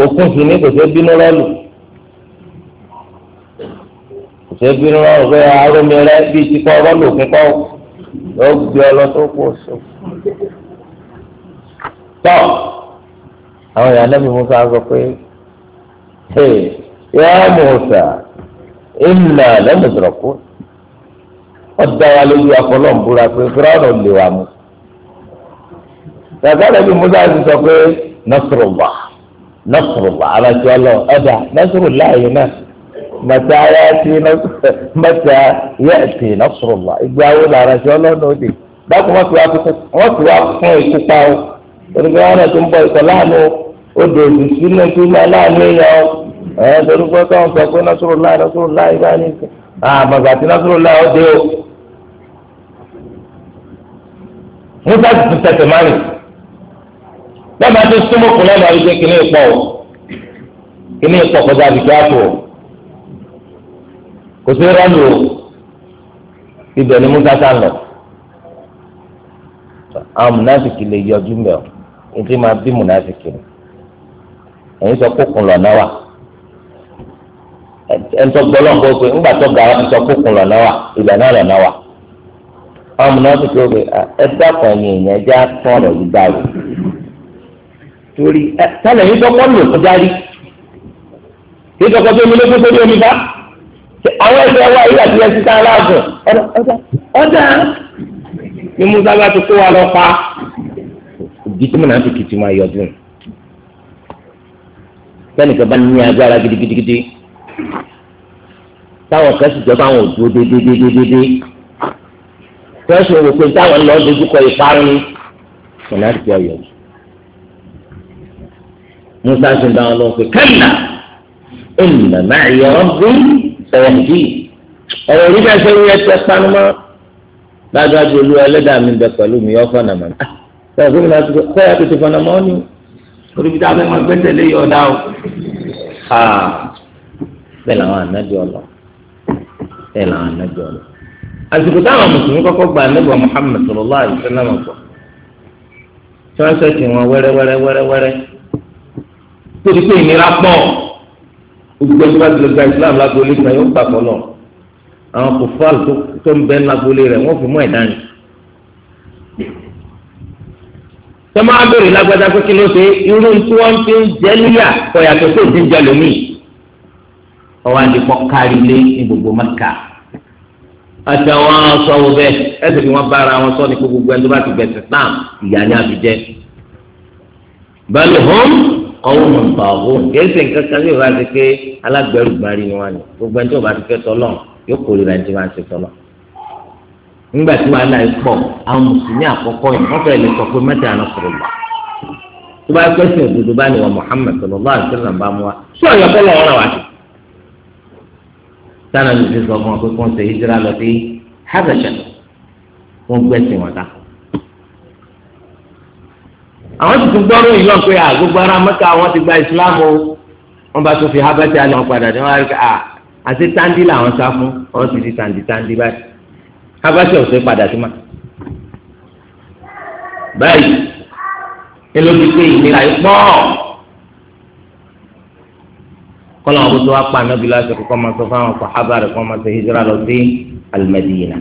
òkun sì ní kò bínú lọ́lù ṣe bí wọn rọ pé arómi rẹ bí ti kọ ọ̀rọ̀ lòkun kọ ó gbé ọ lọ tó kù sọ. tọ́ àwọn èèyàn náà bí musa sọ pé yà á musa ìlà lẹ́nu ìdọ̀kú ọ̀dà wa lórí afọlọ́ǹbúra pé fúráùnù lè wà mú. Gàgá lẹ́bi Musa ti sọ pé Nasrullah Nasrullah abàtí ọlọ́ ọ̀dà Nasrullah yìí náà mọ̀tà yẹ ti lọ́sọ̀rọ̀ wà ìgbà wo làrá ṣe ọlọ́run òde dákun wọ́n ti wá fún wọ́n ti wá fún ikú pa o torípé wọn náà ti ń bọ ìkọ̀ láàánú odò òṣìṣẹ́ náà ti máa láàánú èèyàn o ẹ̀ torípé káwọn sọ pé lọ́sọ̀rọ̀ láì lọ́sọ̀rọ̀ láì bá ní ìsìn àmọ̀gbà tí lọ́sọ̀rọ̀ láì ọdẹ o. musa ti ti tẹsẹ̀ máa rìn bẹ́ẹ̀ máa ti súnmọ́ kùnlẹ́ náà wípé kìnnìún pọ̀ kìnnìún pọ̀ kọjá àbíkí àpò o. kò sí o ibẹ̀ ni musa sá lọ àwọn munafiki lè yọjú mbẹ o ètò ìmọ̀ bí munafiki ni ẹ̀yin sọ kókun lọ náà ẹ̀ńtọ́ gbọ́lọ́gbọ́ pé ńgbà tó ga sọ kókun lọ náà ibẹ̀ náà lọ náà àwọn munafiki ó pè yìí torí lò kọjá rí tó lókè tó bá. àwọn ẹgbẹ́ wa yìí àti ẹsẹ̀ tá a láàbùn ọ̀dà ni musa bá ti kó wa lọ pa òbí tí mo náà fi kìtì máa yọjú nù sẹ́nìkan bá ní agbára gidigidigidi táwọn kan sì jọba àwọn òdúró dédédédédé wọ́n sì rò pé táwọn lọ́ọ́ dojúkọ ìparun ni mo náà fi ọ̀yọ́ musa sì ń bá wọn lọ pé kẹ́lá ẹ̀ nà máa yọ ọ́ bí sẹ̀yẹ̀dì ọ̀rọ̀ orí bẹ́ẹ̀ sẹ́yìn ẹ̀sẹ̀ panumọ́ dájúdájú olú ẹlẹ́dàá mi bẹ pẹ̀lú mi ọ̀fọ̀ nà mọ́ ẹ̀ fún mi láti kọ́ ẹ̀ tètè fọ́nà mọ́ ni olùbí tá a fẹ́ máa gbẹ́sẹ̀ lé yọ̀ ọ̀dà o bẹ́ẹ̀ làwọn ànájọ ọ̀lọ́ bẹ́ẹ̀ làwọn ànájọ ọ̀lọ́ àsìkò táwọn mùsùlùmí kọ́kọ́ gba ànábì Muhammad sallallahu alaihi wasallam tí wọ́n sẹ́sìn wọn wẹ́rẹ́wẹ́rẹ́wẹ́rẹ́ torí pé ìnira pọ̀ gbogbo ẹni bá ti lọ gba islam lágboolé kan yóò gbà fọlọ àwọn kò fáàlù tó ń bẹ lágboolé rẹ wọn fi mú ẹ dání. tọ́mọ abẹ́rẹ́ lágbádá pé kí ló ṣe irú tí wọ́n ti ń jẹ́ níyà ọ̀yàtọ̀ tó ti ń jẹ lómi. ọwọ́ àdìpọ̀ kárí lé ní gbogbo mẹ́ka. àti àwọn aṣọ wo bẹ́ẹ̀ ẹ̀sìn ni wọ́n bá ara wọn sọ ní gbogbo ẹni tó bá ti gbẹ̀sẹ̀ náà ìyá ni àbíjẹ́. bẹ́ẹ̀ ni hóm ọ̀hún mọ̀ nípa ọ̀hún kéésì nǹkan kan bí ìwà ti pé alágbẹ̀rù gbárí ni wọn ni gbogbo ẹni tó bá ti fẹ́ tọ́lọ̀ yóò kórìíra ẹni tí wọ́n á ti tọ́lọ̀ nígbà tí wọ́n á pọ̀ àwọn mùsùlùmí àkọ́kọ́ yìí wọ́n fẹ́ẹ́ lè sọ pé mẹ́ta àná sọ̀rọ̀ lọ tó bá pẹ́ sí òdodo bá ní wa Muhammad sallallahu alaihi wasallam bá mú wa sí ọ̀yọ́ kọ́ lọ́wọ́ náà wá sí. sáà náà ló àwọn tuntun gbọ́rọ̀ yìí lọ́n pé à gbogbo ara mẹ́ka àwọn ti gba ìsìlámù o wọ́n bá tún fi habẹ́tì alẹ́ wọn padà dé wọ́n á rí à àti tandi làwọn sá fún wọ́n ti di tandi tandi báyìí habẹ́tì ọ̀sẹ̀ padà sí ma. báyìí ẹlò ti pé ìnira yìí pọ̀ kọ́lá wọn kó tó wá pa anábì láti kọ́kọ́ máa sọ fáwọn sàhábà rẹ̀ kọ́ máa sọ hijira lọ sí alimẹ́dìyìnà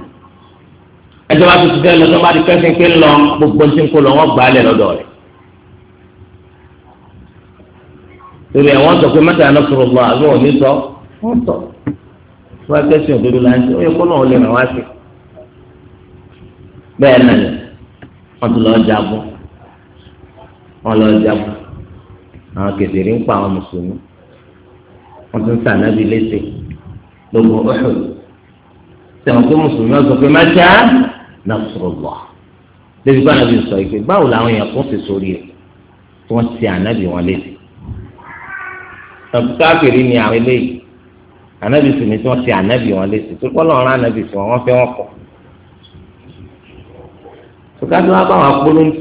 ẹjọba tuntun tẹ lọ sọ bá di pẹ́sìn pé ń lọ gbogbo ti ń kó lọ wọ́n gbà á lẹ̀ lọ́dọ̀ rẹ̀ torí ẹ̀ wọ́n sọ pé mẹ́ta náà sọ̀rọ̀ lọ àbí wọ́n ní sọ wọ́n sọ wọ́n akẹ́sì òdodo la ń sọ ẹ̀ kọ́nà ọ̀lẹ́ rẹ̀ wá sí. bẹ́ẹ̀ náà ni wọ́n ti lọ́ọ́ jagun wọ́n lọ́ọ́ jagun àwọn kẹsìrì ń pa àwọn mùsùlùmí wọ́n ti ń sà nábì léṣe lógun ọ̀hún mùsùlùmí wọ́n sọ pé mẹ́ta náà sọ̀rọ̀ lọ débi bá ànábì sọ ìpè báwo làwọn èèyàn kún sí sórí ẹ̀ tí ti ànábì wọn léṣe káfíìrì ni àwọn eléyìí ànábì sì ni tí wọ́n ti ànábì wọn lé sí tó kọ́ lọ́run ànábì sí wọn wọ́n fẹ́ wọn kọ̀ tó ká tó wá bá wọn polongo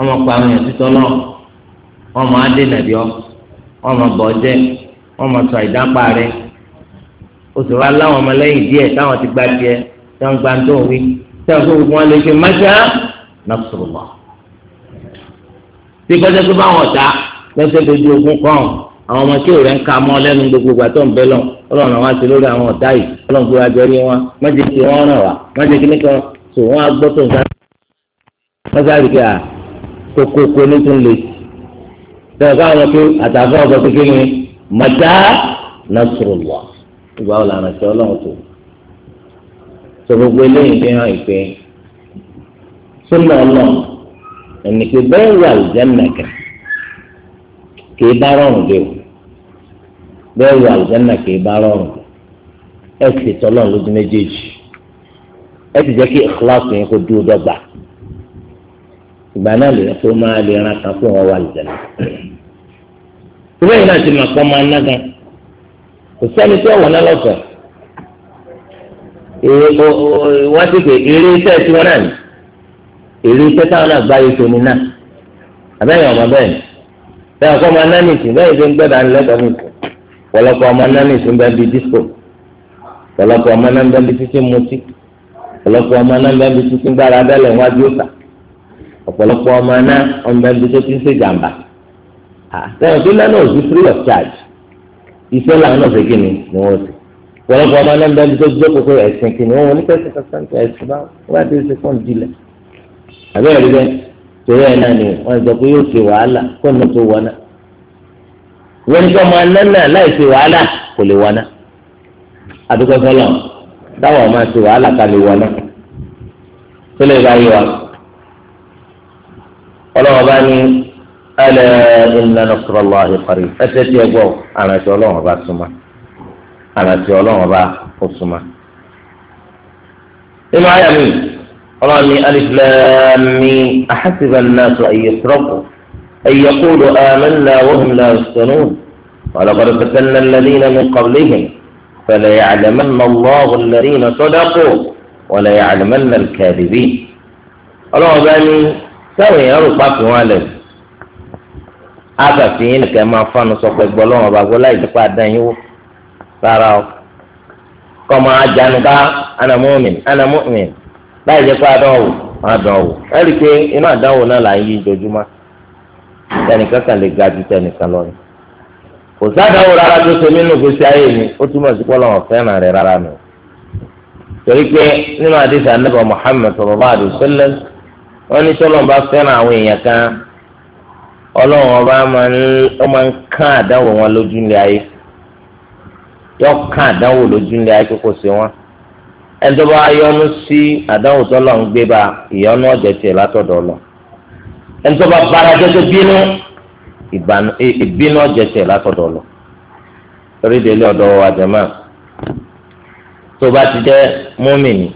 ọmọ pa àwọn èèyàn títọ́ náà wọ́n mọ adé nàbí ọ wọ́n mọ bọ́jẹ́ wọ́n mọ sọ ìdápa rẹ oṣù wa láwọn ọmọlẹ́yìn díẹ̀ táwọn ti gba tiẹ̀ tí wọ́n gba tó wí tí wọ́n fún wọn lè ṣe máṣá náà sọ̀rọ̀ wá. tí kọ́jọ́ tó bá wọn ta lọ́sẹ̀ dojú ogun kan àwọn ọmọ tí òrẹ́ ń ka mọ́ lẹ́nu gbogbo ìgbà tó ń bẹ́ lọ ọlọ́run àwọn àti lórí àwọn ọ̀tá yìí ọlọ́run gbogbo àjọ rí wọn mọ́jẹ́ kí wọ́n ràn wá mọ́jẹ́ kí nìkan tó wọ́n á gbọ́ tó ń sáré. wọ́n sáré kí a kókókó ní tún lè tẹ̀ ká àwọn pé àtàfẹ́ ọ̀gọ́ pé kí ni mọ̀tá nasrullah ìgbà wo làwọn àti ọlọ́run tó. sọ gbogbo eléyìí fi kì í bá rọrùn dé o bẹ́ẹ̀ wọ àlùjáná kì í bá rọrùn ẹ sì tọ́lọ̀ lójú méjèèjì ẹ sì jẹ́ kí ìkíláàsì yẹn kó dúró dọ́gba ìgbà náà lè tó máa lè ran kan fún wọn wọ àlùjáná ìbéèrè náà ti máa pọ́n máa ná gan kò sẹ́ni tí ọ̀wọ́ náà lọ́sọ̀ọ́ wọ́n ti pè eré iṣẹ́ tiwọn náà ni eré iṣẹ́ táwọn náà gbáyé tóni náà àbẹ́yẹn ọmọ bẹ́ẹ̀ ni bẹ́ẹ̀ ọkọ ọmọ anánìsì bẹ́ẹ̀ ṣe ń gbẹ́dà ńlẹ́dọ̀ nìkan pọ̀lọpọ̀ ọmọ anánìsì ń bẹ́ẹ̀ di disco pọ̀lọpọ̀ ọmọ anánìsì ń bẹ́ẹ̀ di títí mutí pọ̀lọpọ̀ ọmọ anánìsì ń bẹ́ẹ̀ di títí gbára abẹ́lẹ̀ wájú ọ̀tà ọ̀pọ̀lọpọ̀ ọmọ anánìsì ń bẹ́ẹ̀ di títí ń ṣèjàmbá sẹ́yìn tó lẹ́nu òsì free of charge iṣẹ́ làwọn náà ṣe kí ni ni wọ́n ṣe pọ̀lọpọ̀ ọmọ náà ń dájú tó jẹ́ kókó ẹ̀sìn kí ni wọ́n oníkẹ́sì kankan ẹ̀sìn bá wọ́n á dé ṣe fún ìdílé àbẹ́rẹ́ bẹ́ẹ̀ torí ẹ̀ náà ni wọ́n sọ pé yóò ṣe wàhálà kó nà tó wọ́n náà ní kí ọmọ aná láì ṣe wàhálà kò lè wọ́n náà àdúgbò ọmọ ṣe wàhálà ká lè tó lè bá bá ní tí رامي ألف لامي أحسب الناس أن يسرقوا أن يقولوا آمنا وهم لا يفتنون ولقد فتنا الذين من قبلهم فليعلمن الله الذين صدقوا وليعلمن الكاذبين الله بني سوي أرقى في والد أبفين كما فانوا سوف يقبلون أبقوا لا يتقعدن يوف فاراو كما أجانبا أنا مؤمن أنا مؤمن láì jẹ́ pé adánwò adánwò ẹ rí i pé inú adánwò náà là ń yí ojoojúmọ́ tẹnìkan kan lè ga ju tẹnìkan lọ ni kò sádánwò rárá tó ṣe nínú ayé mi ó túmọ̀ sí pọ́lọ́ wọn fẹ́ràn rẹ rárá torí pé nínú muhammed ní sọlọ́n bá fẹ́ràn àwọn èèyàn kan máa ń kán wọn lójú ilé ayé yọ kán lójú ilé ayé sí wọn. ẹnjọba ayọnu sí àdáhùn tọ́lọ̀ ń gbé ba ìyọnu ọ̀jẹ̀ tiẹ̀ látọ̀dọ̀ lọ ẹnjọba bara jẹjẹ bínú ìbínú ọ̀jẹ̀ tiẹ̀ látọ̀dọ̀ lọ torí délé ọ̀dọ̀ wa jẹ̀mọ́ tó bá ti jẹ́ múmìnì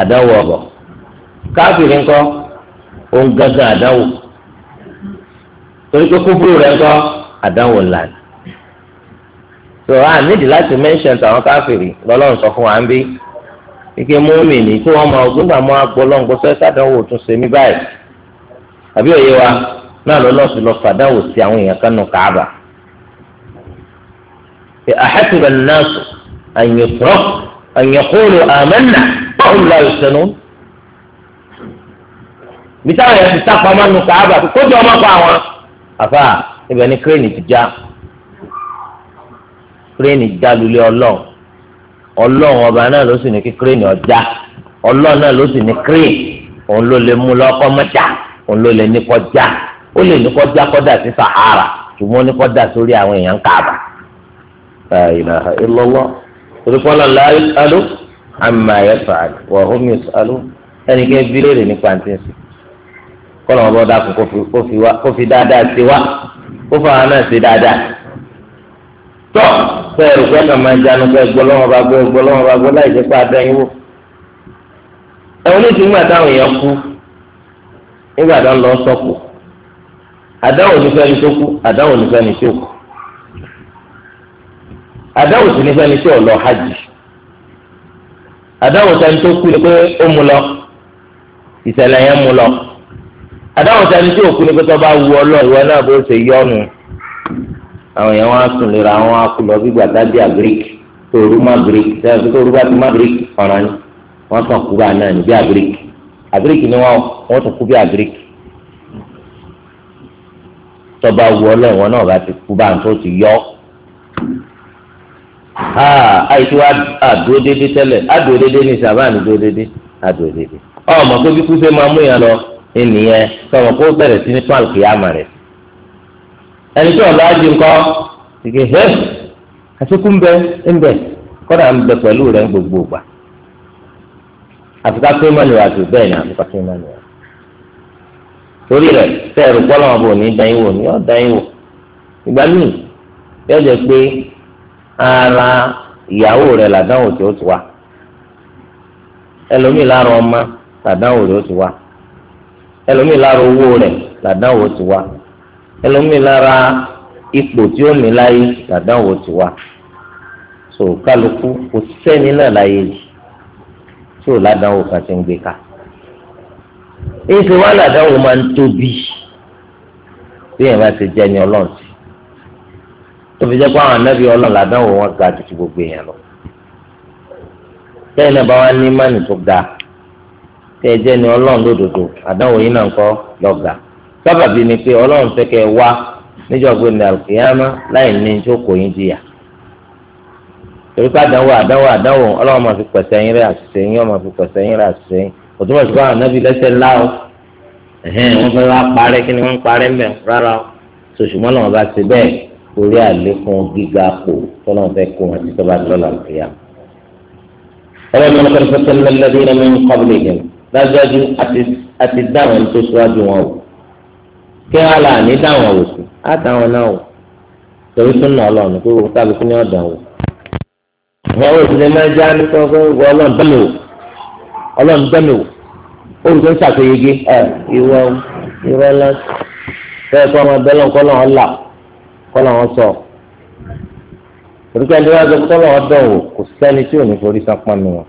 àdáhùn ọ̀bọ̀ káfíìrì ńkọ́ òun gángan àdáhùn torí pé kúkúrú rẹ̀ ńkọ́ àdáhùn làní so a nídìí láti mention tàwọn káfìrí lọ́lọ́run sọ fún wa ń bí ike mọ́mìnì tí wọ́n máa gbọ́dọ̀ máa gbọ́lọ́ngbọ́ fẹ́ sàdánwò tún ṣe mí báyìí àbí òye wa náà lọ́lọ́sùn lọ fàdánwò sí àwọn èèyàn kan nù káàbà. أحسب الناس أن يتركوا أن يقولوا آمنا وهم لا يفتنون táwọn yẹn ti sápamọ́ nù káàbà kó jọ ọmọ pa wọn àfa ibẹ̀ ni kírẹ́nì ti já kírénì jálulẹ Ọlọ́run Ọlọ́run ọba náà ló sì ní kí kírénì ọjà Ọlọ́run náà ló sì ní kírénì òun ló lè mú lọkọ mọjà òun ló lè ní kọjá ó lè ní kọjá kọdà sí Sahara ṣùgbọ́n sórí àwọn èèyàn Kaaba. la ilaha olùkọ́lá láàlú àmà ẹ̀fà wà hómi kẹ́ bí fi dáadáa sí wa kó fà tọ́ bẹ́ẹ̀ rẹ̀ gbọ́dọ̀ máa jánu kẹ́ gbọ́lọ́wọ́ bá gbọ́ gbọ́lọ́wọ́ bá gbọ́ láì iwu. pé wò. ní ti nígbà táwọn èèyàn kú nígbà tó ń lọ sọ́kù àdáwò ní fẹ́ni tó kú àdáwò ní fẹ́ni tó kú àdáwò sì ní tó lọ hajj àdáwò tó kú ni pé ó mu lọ yẹn mu lọ àdáwò ọ lọ ìwọ náà bó ṣe yọ àwọn èèyàn wọn á sùn lera wọn á kú lọ bí gbàdá bí agric tòru má agric sẹ́yìn tó rúbá ti má agric ọ̀ràn ni wọ́n sàn kú bá náà ní bí agric agric ni wọ́n wọ́n tún kú bí agric tọba wu ọlọ́run wọn náà bá ti kú bá nǹkan ti yọ. àìsí wa àdúró déédéé tẹ́lẹ̀ àdúró déédéé ní sábà ní dúró déédéé àdúró déédéé. ọmọ tó bí kú ṣe máa mú yẹn lọ ènìyàn tọmọ kó bẹ̀rẹ̀ sí ní pàlùkì àmà rẹ̀ ẹni tí ọba ajé ńkọ ìgbè hẹ àfikún ńbẹ ńbẹ kọ́dà ń gbogbo gbà àfikà pé mọ́ni wà bẹ́ẹ̀ ni àfikà pé wà torí rẹ̀ sẹ́ẹ̀rù gbọ́dọ̀ wọn bò ní wò ní wò ìgbà míì yóò pé ara ìyàwó tí ó ti wà ẹlòmíì lára ọmọ ó ti wà ẹlòmíì lára owó ẹlòmíì lára ipò tí ó mi láyé ti wá so kálukú kò sẹ́ni náà láyé tí ò ládánwò kan ti ń gbé ká èsì wà ládánwò máa ń tóbi bí bá ti jẹ́ ọlọ́run sí tó fi jẹ́ pé àwọn wọn ga ju gbogbo èèyàn lọ bẹ́ẹ̀ náà bá wá ní mánì tó ga tẹ́ ẹ sábàbí ni pé ọlọ́run fẹ́ kẹ́ ẹ wá níjọ́ gbẹ̀ndà àlùkìyámà láì ní ìjókòó yín jìyà torí pé àdánwò àdánwò àdánwò ọlọ́run máa fi pẹ̀sẹ̀ yín rẹ̀ àṣìṣe yín ọmọ fi pẹ̀sẹ̀ yín rẹ̀ àṣìṣe yín òtún mọ̀sí báwọn anábì lẹ́sẹ̀ ńlá o wọ́n fẹ́ wá parẹ́ kí ni wọ́n ń parẹ́ mẹ́ rárá o sòṣùmọ́ làwọn bá ti bẹ́ẹ̀ orí àlékún gíga pò tọ́lọ́run fẹ́ kó
kí wọn là ní dáwọn wò
sí àtàwọn náà wò torí súnà Ọlọ́run pé wọn kálukú ní ọdàn wò wọn ò sì lè máa já ní kọ́ pé wọn Ọlọ́run bẹ́ẹ̀ wò Ọlọ́run bẹ́ẹ̀ wò olùkọ́ ń ṣàpèyege ẹ ìwọ ìwọ lọ́sí bẹ́ẹ̀ kọ́ ọmọ bẹ́ẹ̀ lọ́nkọ́ lọ́wọ́ là kọ́ lọ́wọ́ sọ orúkọ ẹni wá kọ́ lọ́wọ́ dọ̀ wò kò sẹ́ni tí ò ní forí sápọ́n mi wọn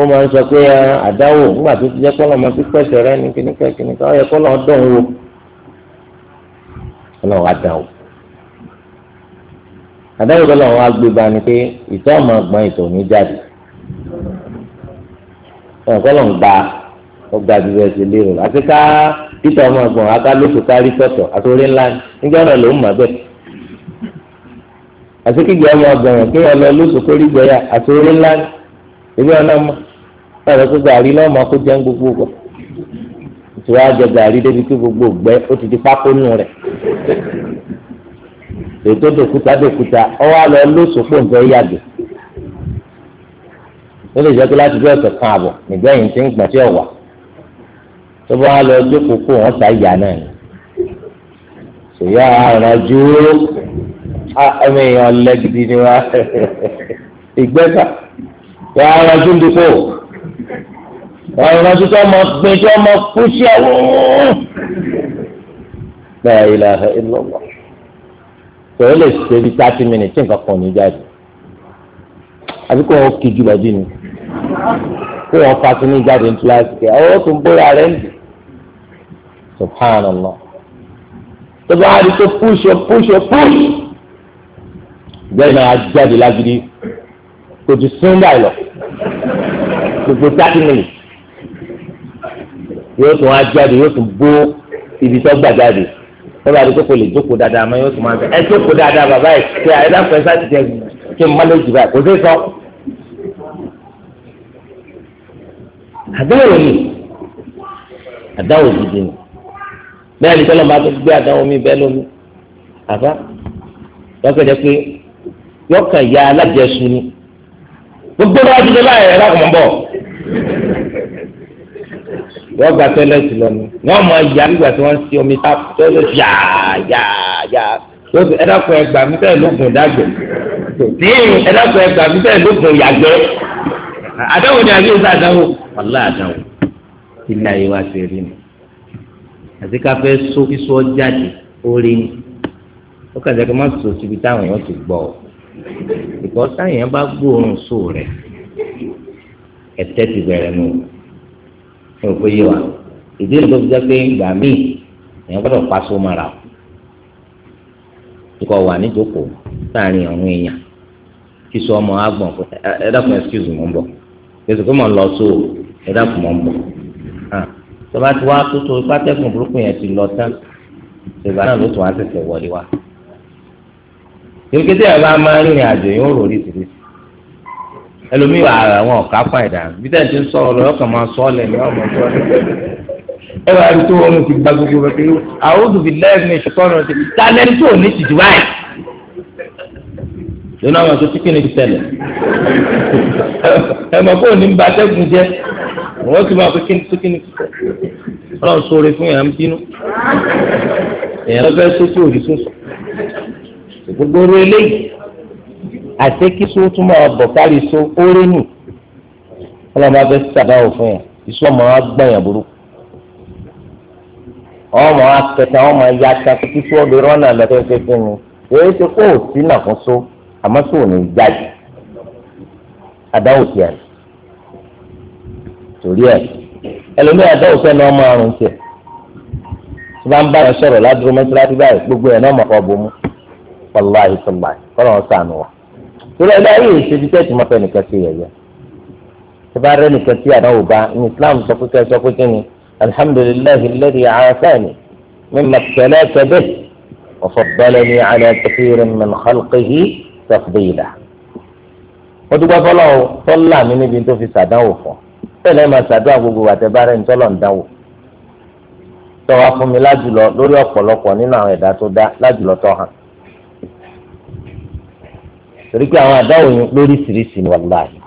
ó máa ń sọ pé ah, àdáwò nígbà tó ti jẹ́ kọ́ lọ́mọ sí pẹ̀sẹ̀ rẹ ní kíníkà kíníkà ó yẹ kọ́ lọ́ọ́ dán wò ọlọ́wọ́ àdáwò àdáwò tó lọ́wọ́ agbébá ni pé ìtọ́ ọmọ ọgbọ́n ìtọ́ ní jáde ọ̀kọ́ lọ́n gba ọgbà bíbẹ̀ sí lérò àti ká ìtọ́ ọmọ ọgbọ́n aká lóṣù kárí sọ̀tọ̀ àtòrí ńlá níjọ́ rẹ̀ ló ń mọ̀ bẹ́ẹ̀ àti kíjọ ọmọ ọgbọ́n kí ọlọ́ lóṣù kórìgbẹ́yà àtòrí ńlá ìbí ọlọ́mọ ẹ̀rọ tó gàrí lọ́mọ kó jẹ́ gbogbo gbọ́ ìtura jẹ gàrí débi tí gbogbo gbẹ ó ti di pákó nù rẹ̀ ètò dòkúta dòkúta ọwọ́ àlọ́ lóṣòpó nǹkan yàgbé ó lè jẹ́ pé láti bí ọ̀sẹ̀ kan àbọ̀ nígbẹ̀yìn tí ń gbọ̀n tí ọ̀wà tó bá wà lọ jókòó kó wọn ta ìyá náà ni ṣòyà àrùn ju ọmọ èèyàn lẹ́gidi ni wá ìgbẹ́ta tó àrùn ju ń dúpọ̀ àwọn ìrántí tó ọmọ gbin tó ọmọ kú sí ọwọ́ bẹ́ẹ̀ ilẹ̀ ìlọ́wọ́ tó o lè ṣe bí thirty minutes tí nǹkan kan ní jáde àbí kò wọ́n kí jùlọ bí ni kó wọ́n fa kíní jáde ní kíláàsì kẹ́ ọwọ́ tó ń bóra rẹ̀ ń dì subhanallah tó bá wà ní tó push o push o push bẹ́ẹ̀ náà jáde lágídí kò ju sunday lọ gbogbo thirty minutes yóò tún wá jáde yóò tún bó ibi tó gbà jáde lọ́ba àdúgbò kò lè jókòó dáadáa mọ́ yóò tún máa bẹ̀ ẹ jókòó dáadáa bàbá yìí ṣe àyẹ̀dá fẹ́ sáà ti jẹ kí n má lè jù báyìí kò sí sọ. àdáwò ni àdáwò gidi ni bẹ́ẹ̀ ni tọ́lọ́mọ bá tó gbé àdáwò mi bẹ́ẹ̀ lómi àbá lọ́kọ̀jẹ́ pé yọkàn ya alájẹsùn ni gbogbo bá ti dé báyìí ẹ̀ lákùnrin bọ̀ yọ gba tọ́lẹ̀tì lọ́nu wọ́n mọ ìyá nígbà tí wọ́n ń ṣe omi tá tọ́lẹ̀tì yáyáyá lóṣù ẹ̀dàkùn ẹgbàá mi bẹ́ẹ̀ lóògùn dàgbẹ́ ní ẹ̀dàkùn ẹgbàá mi bẹ́ẹ̀ lóògùn yàgbẹ́ àdáwò ni àbí ẹ̀sà àdáwò wàlá àdáwò ilé ayé wa ti rí ni àti ká fẹ́ sọ kí sọ jáde ó rí ni ó kàn jẹ́ kí wọ́n sọ síbi táwọn èèyàn ti gbọ́ ọ ìkọ́ táyà bá gbóòórùn sóò rẹ̀ ẹ̀tẹ́ ti bẹ̀rẹ̀ nù ẹ ò pé yé wa ìdí ìlú tó fi jẹ́ pé ìgbà míì èèyàn gbọ́dọ̀ paṣọ mara o ìkọ̀ wà níjókòó láàrin àwọn èèyàn kí sọ ọmọ agbọ̀n ẹ dákun excuse mọ̀ ń bọ̀ kẹsì pé mọ̀ ń lọ sóò ẹ dákun mọ̀ ń bọ̀ ah, tọ́ba ti wá tó tó pátẹ́kùn burúkú yẹn ti lọ tán ìgbà náà ló tún wá ṣẹ̀ṣẹ̀ wọlé wa. kìrìkìtì ẹ̀ bá máa rìnrìn àjò yóò rò oríṣiríṣi ẹlòmíì àwọn ọ̀ká fún ẹ̀dá bí tẹ̀ ń ti ń sọ̀rọ̀ lọ́yọ́ kan máa sọ ọ́lẹ̀ ní ọmọ tó ọ́lẹ̀ ẹ wà lóko wọn ti gba gbogbo rẹ pé àwòdù fi lẹ́ẹ̀mí ìṣùkọ́nù ti tálẹ́ńtì tó ní tìjú báyìí lónà àwọn àtúntí kìíní ti tẹ̀lẹ̀ ẹ mọ̀ fóònù ń ba atẹ́gùn jẹ́ wọ́n ti máa fi kìíní tó kìíní ti tẹ̀lẹ̀ ọlọ́run sóore fún yàrá ń bínú èèyàn lọ́fẹ́ sósì òrìṣ àtẹkísó túmọ̀ bọ̀kárí so órénù ọlọ́mọ abẹ́ sàdáwò fún yẹn ìsọmọ wa gbọ̀nyàn burúkú ọmọ wa kẹta ọmọ ya ta kíkí ọdún rọ́nà lọ́kẹ́kẹ́ fún mi èyí ti kó òsì náà fún so àmọ́ sóò ní jáde àdáwò tiẹ̀ torí ẹ̀ ẹlòmíràn àdáwò sẹ́ni ọmọ àrùn tiẹ̀ tí bá ń bá yẹn sọ̀rọ̀ ládùúgbò mẹ́tìlá báyìí gbogbo yẹn náà mọ̀ ọ́ bomú wàláhi sọ̀láì kọ́ ló ń sànù wa torí ẹ̀dá yìí ṣe ti tẹ́tì mọ́tò nìkan ṣe yẹ̀yẹ́ tó bá rẹ́ nìkan tí àdáwò bá ní Islam sọ pé kẹ́ sọ pé kí ni alhamdulilayi alladhi aafani mimma ibtalaka bihi wa faddalani ala kathirin min khalqihi tafdila. ó dúpẹ́ fọlọ́ tọ́lá mi níbi tó fi sàdánwò fún tẹ́lẹ̀ máa sàdúrà gbogbo àtẹ bá rẹ̀ ń tọ́lọ̀ ń tọ́wọ́ fún mi lájùlọ torí pé àwọn àdáwò yẹn lóríṣiríṣi ni wàllá yìí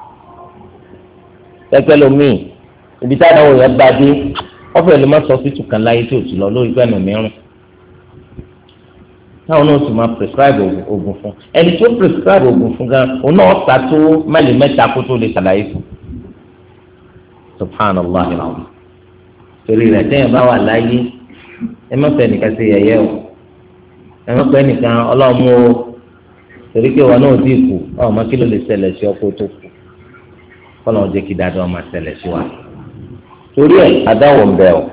tẹ́kẹ́ lomiin ibi tí àdáwò yẹn bá dé ọ̀fẹ́ ló má sọ fítù kan láyé tó tù lọ lórí gbẹ̀nà mìíràn táwọn náà sì máa prescribe oògùn fún ẹni tó prescribe oògùn fún gan òun náà ta tó mẹ́lì mẹ́ta kó tó lè ṣàlàyé fún subhanallah alaahu torí rẹ̀ tẹ́yìn bá wà láyé ẹ má fẹ́ nìkan ṣe yẹ̀yẹ́ o ẹ má fẹ́ nìkan ọlọ́mú o. torí pé wọn náà iku kù ma kí ló lè ṣẹlẹ̀ sí ọkọ tó kù kọ́nà ọjọ́ kí ọ ma ṣẹlẹ̀ sí wa torí ẹ̀ adáwọ̀ ń bẹ̀ ọ́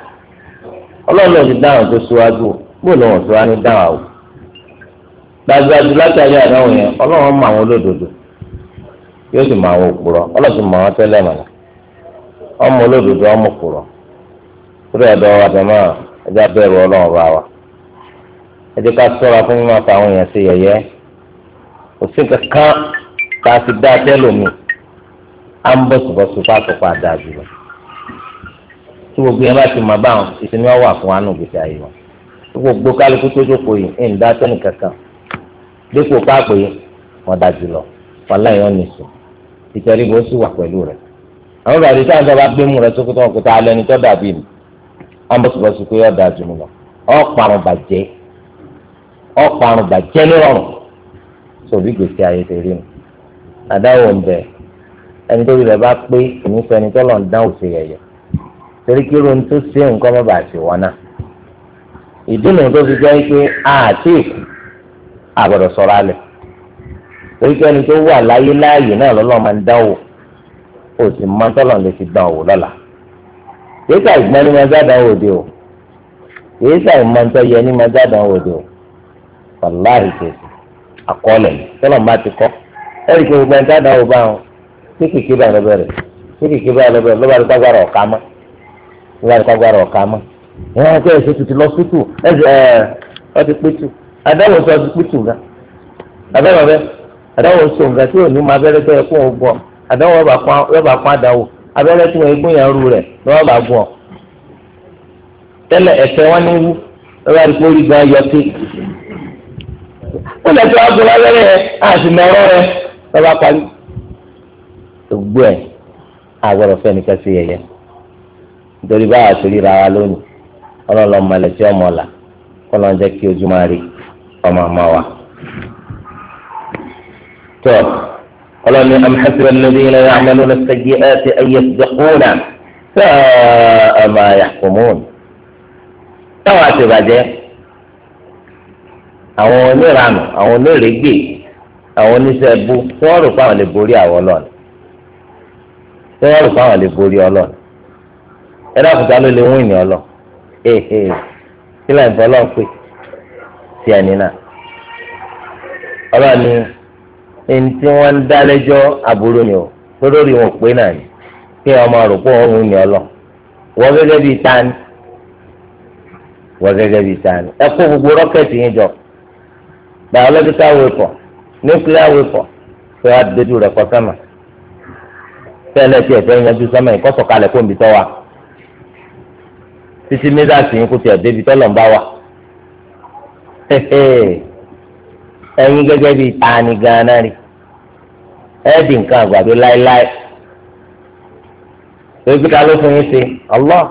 ọlọ́run ti dáhùn tó síwájú bó ló wọ̀n síwájú dáhùn yẹn ọlọ́run mọ àwọn olódodo yóò sì mọ àwọn òpùrọ̀ mọ àwọn tẹ́lẹ̀ mọ̀lá ọmọ olódodo ọmọ òpùrọ̀ òsín kankan tá a ti dá tẹ́lómi à ń bọ̀sibọ̀sì fásopá àdá jùlọ tí gbogbo yẹn bá ti mọ báwọn ìsinmi wà fún wa nù gbèsè àyè wọn tí gbogbo kálukú tó jókòó yìí ń dá tẹ́nì kankan dípò pápẹ́ wọn dá jùlọ wàhálà yẹn wọn ní sùn ìtẹ̀rí bó sì wà pẹ̀lú rẹ̀ àwọn bàbá ìdíjà àti àbágbé mu rẹ̀ sókòtò ọ̀kúta alẹ́ ní tọ́da bíi mi à ń bọ̀sibọ̀sì pé ọ̀dà jùlọ sòbí gbèsè ayé ti rí mu àdáwọ̀ ń bẹ ẹni tó rẹ̀ bá pé èmi sọ ẹni tọ́lọ̀ ń dán òsè yẹ̀yẹ̀ torí kí ronú tó ṣe nǹkan má bàa ṣe wọn náà ìdí nìyẹn tó fi jẹ́ pé àti àgbọ̀dọ̀ sọ̀rọ̀ alẹ̀ torí kí ẹni tó wà láyé láàyè náà lọ́lọ́ máa ń dánwò ó sì máa tọ́lọ̀ lè fi dánwò lọ́la yíṣà ìgbọ́n ní máa jáde àwọn òde o yíṣà ìmọ̀ntọ́ yẹ ní máa jáde àwọn òde o wàláhì kejì àkọọ́lẹ̀ yìí tọ́lọ̀ bá ti kọ́ ẹ̀rí kí gbogbo ẹ̀ńtà dáwọ́ bá wọn ní kìkì bá lọ bẹ̀rẹ̀ ní kìkì bá lọ bẹ̀rẹ̀ ló bá rí kágbára ti ga nga ó lè tó aago lábẹ́rẹ́ yẹn àti mọ̀ọ́rọ́ rẹ lọ́ba parí. gbogbo ẹ̀ àgbọ̀dọ̀ fẹ́ nìkan sí yẹyẹ nítorí báwa torí ra wa lónìí ọlọ́lọ́ mọ̀lẹ́ tí ọmọ ọ̀la kọ́lọ́ jẹ́ kí ojú máa rí ọmọ àmọ́ wa. tó ọlọ́ni amúhásíwá lórí ilẹ̀ àmàlú ní sẹ́gi ẹ̀ ti ẹ̀yẹ sẹ́kúnà sẹ́ẹ̀ ẹ̀ máa yà àwọn oníranù àwọn onírègbè àwọn oníṣẹ́ ẹbú tí wọ́n rò fáwọn lè borí àwọn ọlọ́ọ̀ni tí wọ́n rò fáwọn lè borí ọlọ́ọ̀ni ẹ dákúta ló lè wún ìyàn lọ ehe kí láì bọ́ ọlọ́ọ̀ pé tí ẹni náà ọlọ́ọ̀ni ẹni tí wọ́n ń dá lẹ́jọ́ aburú ni o lórí wọn pé náà ni kí ọmọ rò pé òun wún ìyàn lọ wọ́n gẹ́gẹ́ bíi tani wọ́n gẹ́gẹ́ bíi tani ẹ kó gbogbo rọ́kẹ̀tì yẹn jọ biological weapon nuclear weapon fẹ́ wá dojú rẹ̀ kọ́ sẹ́mà tẹ́lẹ̀ tí ẹ̀fẹ́ yanjú sẹ́mà yìí kọ́sọ̀ kalẹ̀ kó ń bi tọ́ wa títí mísàsì yín kò tiẹ̀ débi tọ́lọ̀ ń bá wa ẹ̀yin gẹ́gẹ́ bíi tani gan-an rí ẹ̀ẹ́dì nǹkan àgbàdo láéláé ebi ta ló fún yín ṣe Allah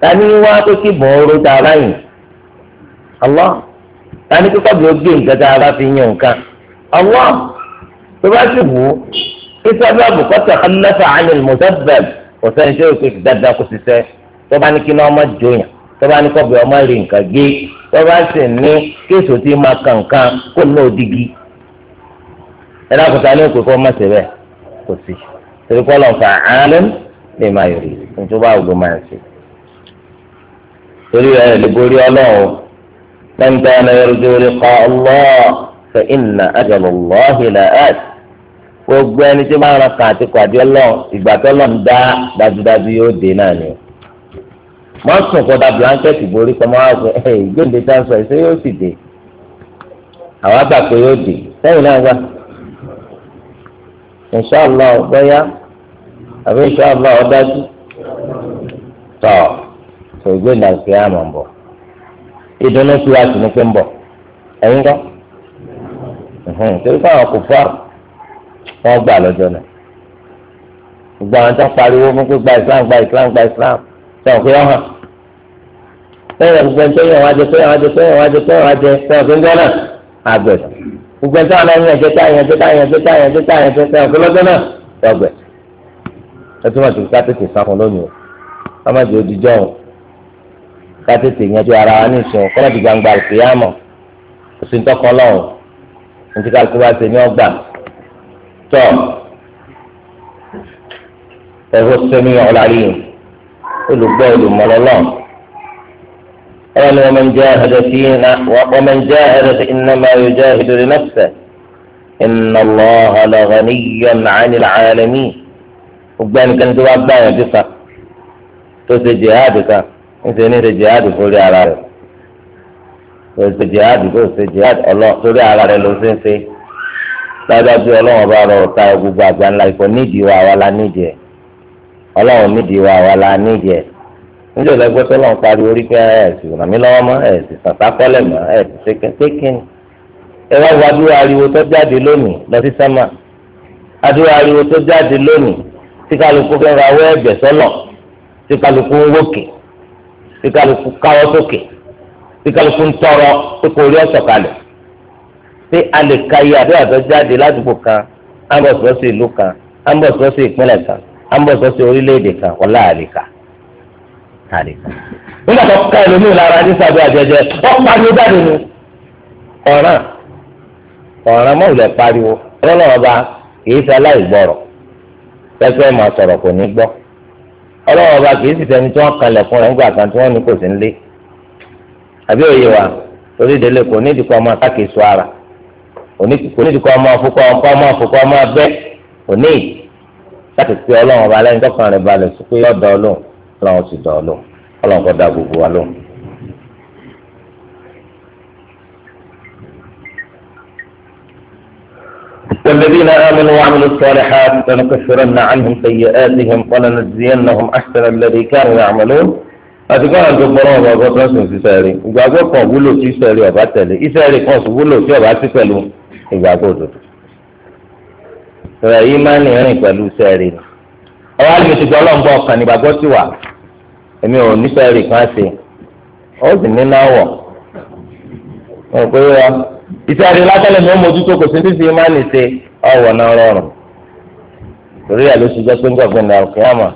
ta ni wá pé kí bọ̀ ọ́ ro ta ara yìí Allah láti kíkọ́ bí ó gbé nǹkan tá a bá fi yan nǹkan ọwọ́ tó bá sì wù ú kí sábà bùkọ́tà ọlọ́fà àyìn mọ̀tẹ́bẹ̀l kò sẹ́ni tó yẹ kó dáadáa kó ti sẹ́ tó bá ní kí náà ọmọ jòyàn tó bá ní kọ́ ọmọ rí nǹkan gé tó bá sì ní kéèsì tí máa kànkan kó ní òdigi ẹ dákúta ní òkè kó ọmọ bẹ́ẹ̀ kò sí torí fà áálẹ́ lè máa yọrí nítorí báwo ló máa ń ṣe torí ẹ lè borí ọlọ́run من كان يرجو لقاء الله فإن أجل الله لآت gbogbo ẹni tí máa ra kàn àti pàdé Ọlọ́run ìgbà tó lọ ń dá dájúdájú yóò dé náà ni wọn sùn kọdà blanket borí pamọ́ wá pé ẹ ìgbéǹde tá a sọ ẹsẹ yóò sì dé àwọn àgbà pé yóò dé sẹ́yìn náà wà inṣàlá ọgbẹyà àbí inṣàlá ọdájú tọ ìgbéǹde àti ìdùnnú sí wa sì ní pé ń bọ̀ ẹ̀yin kọ́ torí káwọn kò fọ́ wọn gbà lọ́jọ́ náà gbogbo àwọn tó ń pariwo fún pé gba Islam gba Islam gba Islam sọ̀rọ̀ pé ọ̀hán lẹ́yìn gbogbo ẹni tó yẹ wọn adé tó yẹ wọn adé tó yẹ wọn adé sọ̀rọ̀ pé ń gbọ́ náà àgbẹ̀ gbogbo ẹni tó wọn lẹ́yìn ẹ̀jẹ̀ táyà ẹ̀jẹ̀ táyà ẹ̀jẹ̀ táyà lọ́jọ́ náà sọ̀gbẹ̀ ẹ túmọ̀ sí ká tètè sáfún lónìí o ká tètè yanjú ara wa ní ìsìn kọ́lá ti gbangba ìfìyàmọ̀ òsì tọkọ lọ́wọ́ ntí kálukú bá ṣe ní ọgbà tọ́ ẹ̀rọ sẹ́mi ọ̀làrí olùgbọ́ olùmọ̀lọ́lọ́ ọlọ́ni man jahada fina wa man jahada fa innama yujahidu li nafsihi inna Allaha la ghaniyyun 'anil 'alamin gbogbo ẹnikẹ́ni tó bá gbá yẹn ti fa tó ṣe jihad kan. níṣẹ́ ní ṣe jihadi sórí ara rẹ̀ kò ṣe jihadi kò ṣe jihadi sórí ara rẹ̀ ló ṣe ń ṣe dájúdájú ọlọ́run bá rọ ọ̀tá gbogbo àgbà ńlá ikọ̀ nídìí wa wa la nídìí ẹ̀ ọlọ́run nídìí wa wa la nídìí ẹ̀ níjọ́ lẹ́gbẹ́ tó lọ́n parí orí pé ẹ̀ sì ràn mí lọ́wọ́ mọ́ ẹ̀ sì sàtàkọ́lẹ̀ mọ́ ẹ̀ sì ṣèké pékin ẹ wá wá dúró ariwo tó jáde lónìí lọ sí sẹ́mà adúró ariwo tó jáde lónìí tí kálukú fẹ́ ra wọ́ ẹ̀bẹ̀ tí kálukú ń wókè tí kálukú káwọ́ sókè tí kálukú ń tọrọ tí kò rí ọ̀sọ̀ kalẹ̀ tí a lè ka iye àdúrà tó jáde ládùúgbò kan ambọ̀sọ̀sọ̀ ìlú kan ambọ̀sọ̀sọ̀ ìpínlẹ̀ kan ambọ̀sọ̀sọ̀ orílẹ̀-èdè kan wọlé àríkà àríkà. nígbà tó ká ẹlòmíì lára ní sàbẹ̀ àjẹjẹ ọ̀pá ni ó jáde ni ọ̀ràn ọ̀ràn mọ̀wùlẹ̀ pariwo ọlọ́wọ́ bá kì í ṣe aláìgbọ̀rọ̀ pẹ́pẹ́ máa sọ̀rọ̀ kò ní gbọ́ ọlọ́wọ́ ọba kì í sì tẹni tí wọ́n kalẹ̀ fún rẹ̀ nígbà kan tí wọ́n ní kò sí nílé àbí òye wa torí ìdílé kò ní ìdíkọ̀ ọmọ akáke sọ ara kò ní ìdíkọ̀ ọmọ afúkọ̀ ọmọ ọmọ afúkọ̀ ọmọ abẹ́ kò ní láti pe ọlọ́run ọba lẹ́yìn tọ́kàn rẹ̀ balẹ̀ sí pé ọ̀dọ́ ọlọ́run ọlọ́run ti dọ̀ ọlọ́run ọlọ́run kọ́ da gbogbo wa lóhùn. والذين آمنوا وعملوا الصالحات لنكفرن عنهم سيئاتهم ولنجزينهم أحسن الذي كانوا يعملون àtìkọ́ àwọn tó gbọ́rọ̀ ọba ọgbọ́n tó ń sùn sí sẹ́ẹ̀rì ìgbàgbọ́ kan wúlò tí sẹ́ẹ̀rì ọba tẹ̀lé ìsẹ́ẹ̀rì kan sì wúlò tí ọba sí pẹ̀lú ìgbàgbọ́ òdodo. ìrẹ̀ yìí máa ń rìn pẹ̀lú sẹ́ẹ̀rì ni. ọwọ́ àlùmí ti gbọ́ ọlọ́mọbọ ọkàn nígbàgbọ́ sí wà èmi ò ní sẹ́ẹ̀rì kan ṣe ó sì ní náwọ̀. ọ̀pẹ́ wa iṣẹ́ rẹ̀ látọ̀lẹ̀ mi ó mójútó kò sí nífi má nì ṣe ọ̀wọ̀ náà rọrùn torí ẹ̀ ló ṣe jẹ́ pé ń gbọ̀gbẹ́ ní àlùkìyàmà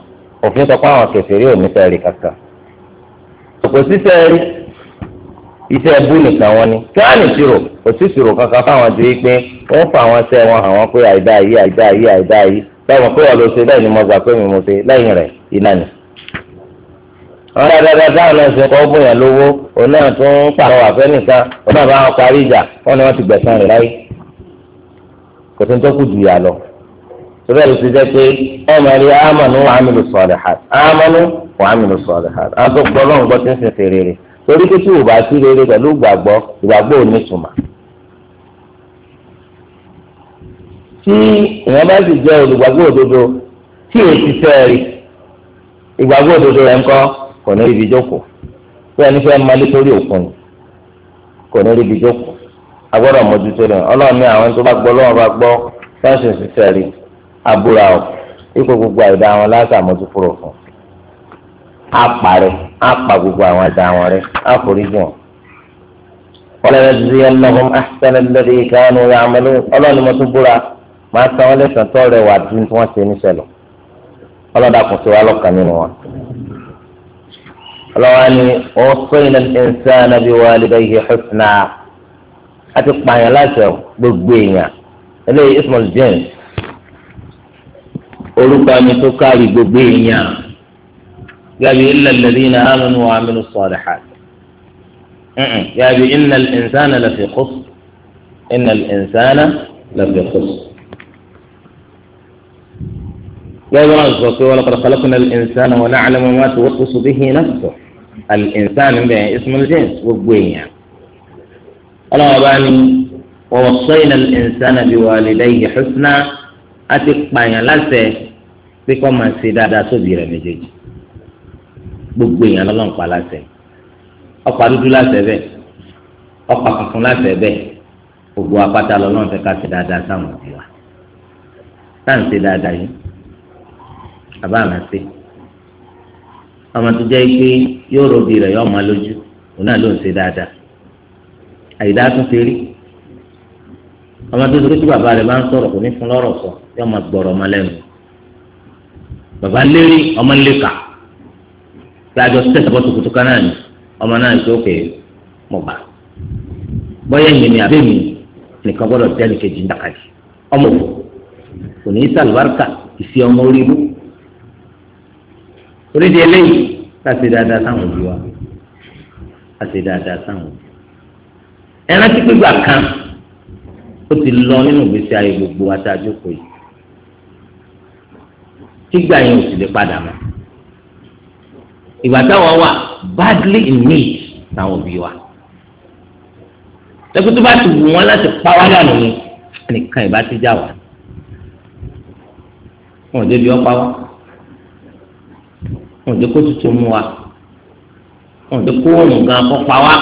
òfin sọ pé àwọn ò ní kankan kò sí iṣẹ́ ẹbú nìkan wọn ni kí wọ́n á nìṣirò kò sí kankan fáwọn ti rí pé wọ́n fa wọn àwọn pé àìdá yìí àìdá yìí pé wọ́n lọ ọ̀rọ̀ dáadáa táwọn náà ṣe kọ́ bóyá lówó òun náà tún ń pàrọwà fẹ́nìkan òun náà bá wọn parí ìjà wọn ni wọ́n ti gbẹ̀san rẹ̀ láyé kò tó ń tó kù jù yà lọ. sọ́dọ̀ ló ti jẹ́ pé ẹ máa rí amanu wa amilu salihat amanu wa amilu salihat àtọ́ gbọ́ lọ́run gbọ́ tí ń sìn fèrèrè torí pé tí òbá sí rere pẹ̀lú ìgbàgbọ́ ìgbàgbọ́ ò ní ìtumọ̀. tí èèyàn bá sì jẹ́ olùgbàgbọ́ òdodo tí èyí ti fẹ́ rí ìgbàgbọ́ òdodo rẹ̀ ńkọ́ kò ní ríbi jókòó pé ẹni fẹ́ máa lé torí òkun kò ní ríbi jókòó agbọ́dọ̀ mójútó rẹ̀ ọlọ́run ní àwọn tó bá gbọ́ lọ́wọ́ bá gbọ́ fẹ́ǹsì ṣiṣẹ́ rí abúra ọ̀ ipò gbogbo àìdá wọn láti àmójúkúrò fún apàrẹ apà gbogbo àwọn àìdá wọn rẹ àforíjì wọn. ولنجزينهم أحسن الذي كانوا يعملون ọlọ́run mo tún búra máa san wọn lẹ́sàn-án tó rẹwà dùn tí wọ́n ṣe níṣẹ́ lọ ọlọ́dà kò sí wa lọ́kàn nínú wọn. ọlọ́wání ọ̀sọ́yìn ẹ̀ǹsán bí walidayhi husna àti pààyàn láṣẹ gbogbo èèyàn eléyìí ismael james orúkọ mi tó kárí gbogbo èèyàn gàbí illa alladhina amanu wa amilus salihat gàbí innal insana lafi khusr innal insana lafi khusr. gàbí wọn sọ pé wọn lọ́kọ̀ọ́ khalaqnal insana wa na'lamu ma tuwaswisu bihi nafsuhu. al-insan bẹ́ẹ̀ ismul gbogbo èèyàn ọlọ́wọ́ bá ní wa wassayna al-insana biwalidayhi husna ti pààyàn láṣẹ pé kó máa ṣe dáadáa sóbì rẹ̀ gbogbo èèyàn lọ́lọ́run pa ká ṣe dáadáa sáwọn wa ń ṣe dáadáa yìí àbá àmà ṣe. àmọ́ tó jẹ́ pé yóò rọbì rẹ̀ yóò máa lójú òun náà ló ń ṣe dáadáa àyídá tún ti rí àmọ́ tó sọ pé bàbá rẹ̀ bá ń sọ̀rọ̀ kò ní fún lọ́rọ̀ sọ yóò máa gbọ́rọ̀ ọmọ lẹ́nu bàbá lérí ọmọ ńlẹ́ka tí a tẹ̀sán bọ́ tukutu náà ni ọmọ náà ṣe òkè mọ̀ gbà bọ́yẹ̀ mi ni nìkan gbọ́dọ̀ jẹ́ nìkejì ńdàkàjì ọmọ òfò kò ní í sàlùbáríkà ìfi torí di eléyìí láti dáadáa sáwọn òbí wa láti dáadáa sáwọn òbí ẹ rántí gbígbà kan ó ti lọ nínú ìgbésí ayé gbogbo adájọ́ kò yìí tígbà yẹn ò sì lè padà mọ́ ìgbà táwọn wà badly in need táwọn òbí wa lẹ́kùn tó bá ti wù wọ́n láti pa wá dànù ni ẹnìkan ìbá ti já wa wọn ò débi ọ́ pa wá wọn ò jẹ́ kó tutù mú wa wọn ò jẹ́ kó òrùn gan kó pa wá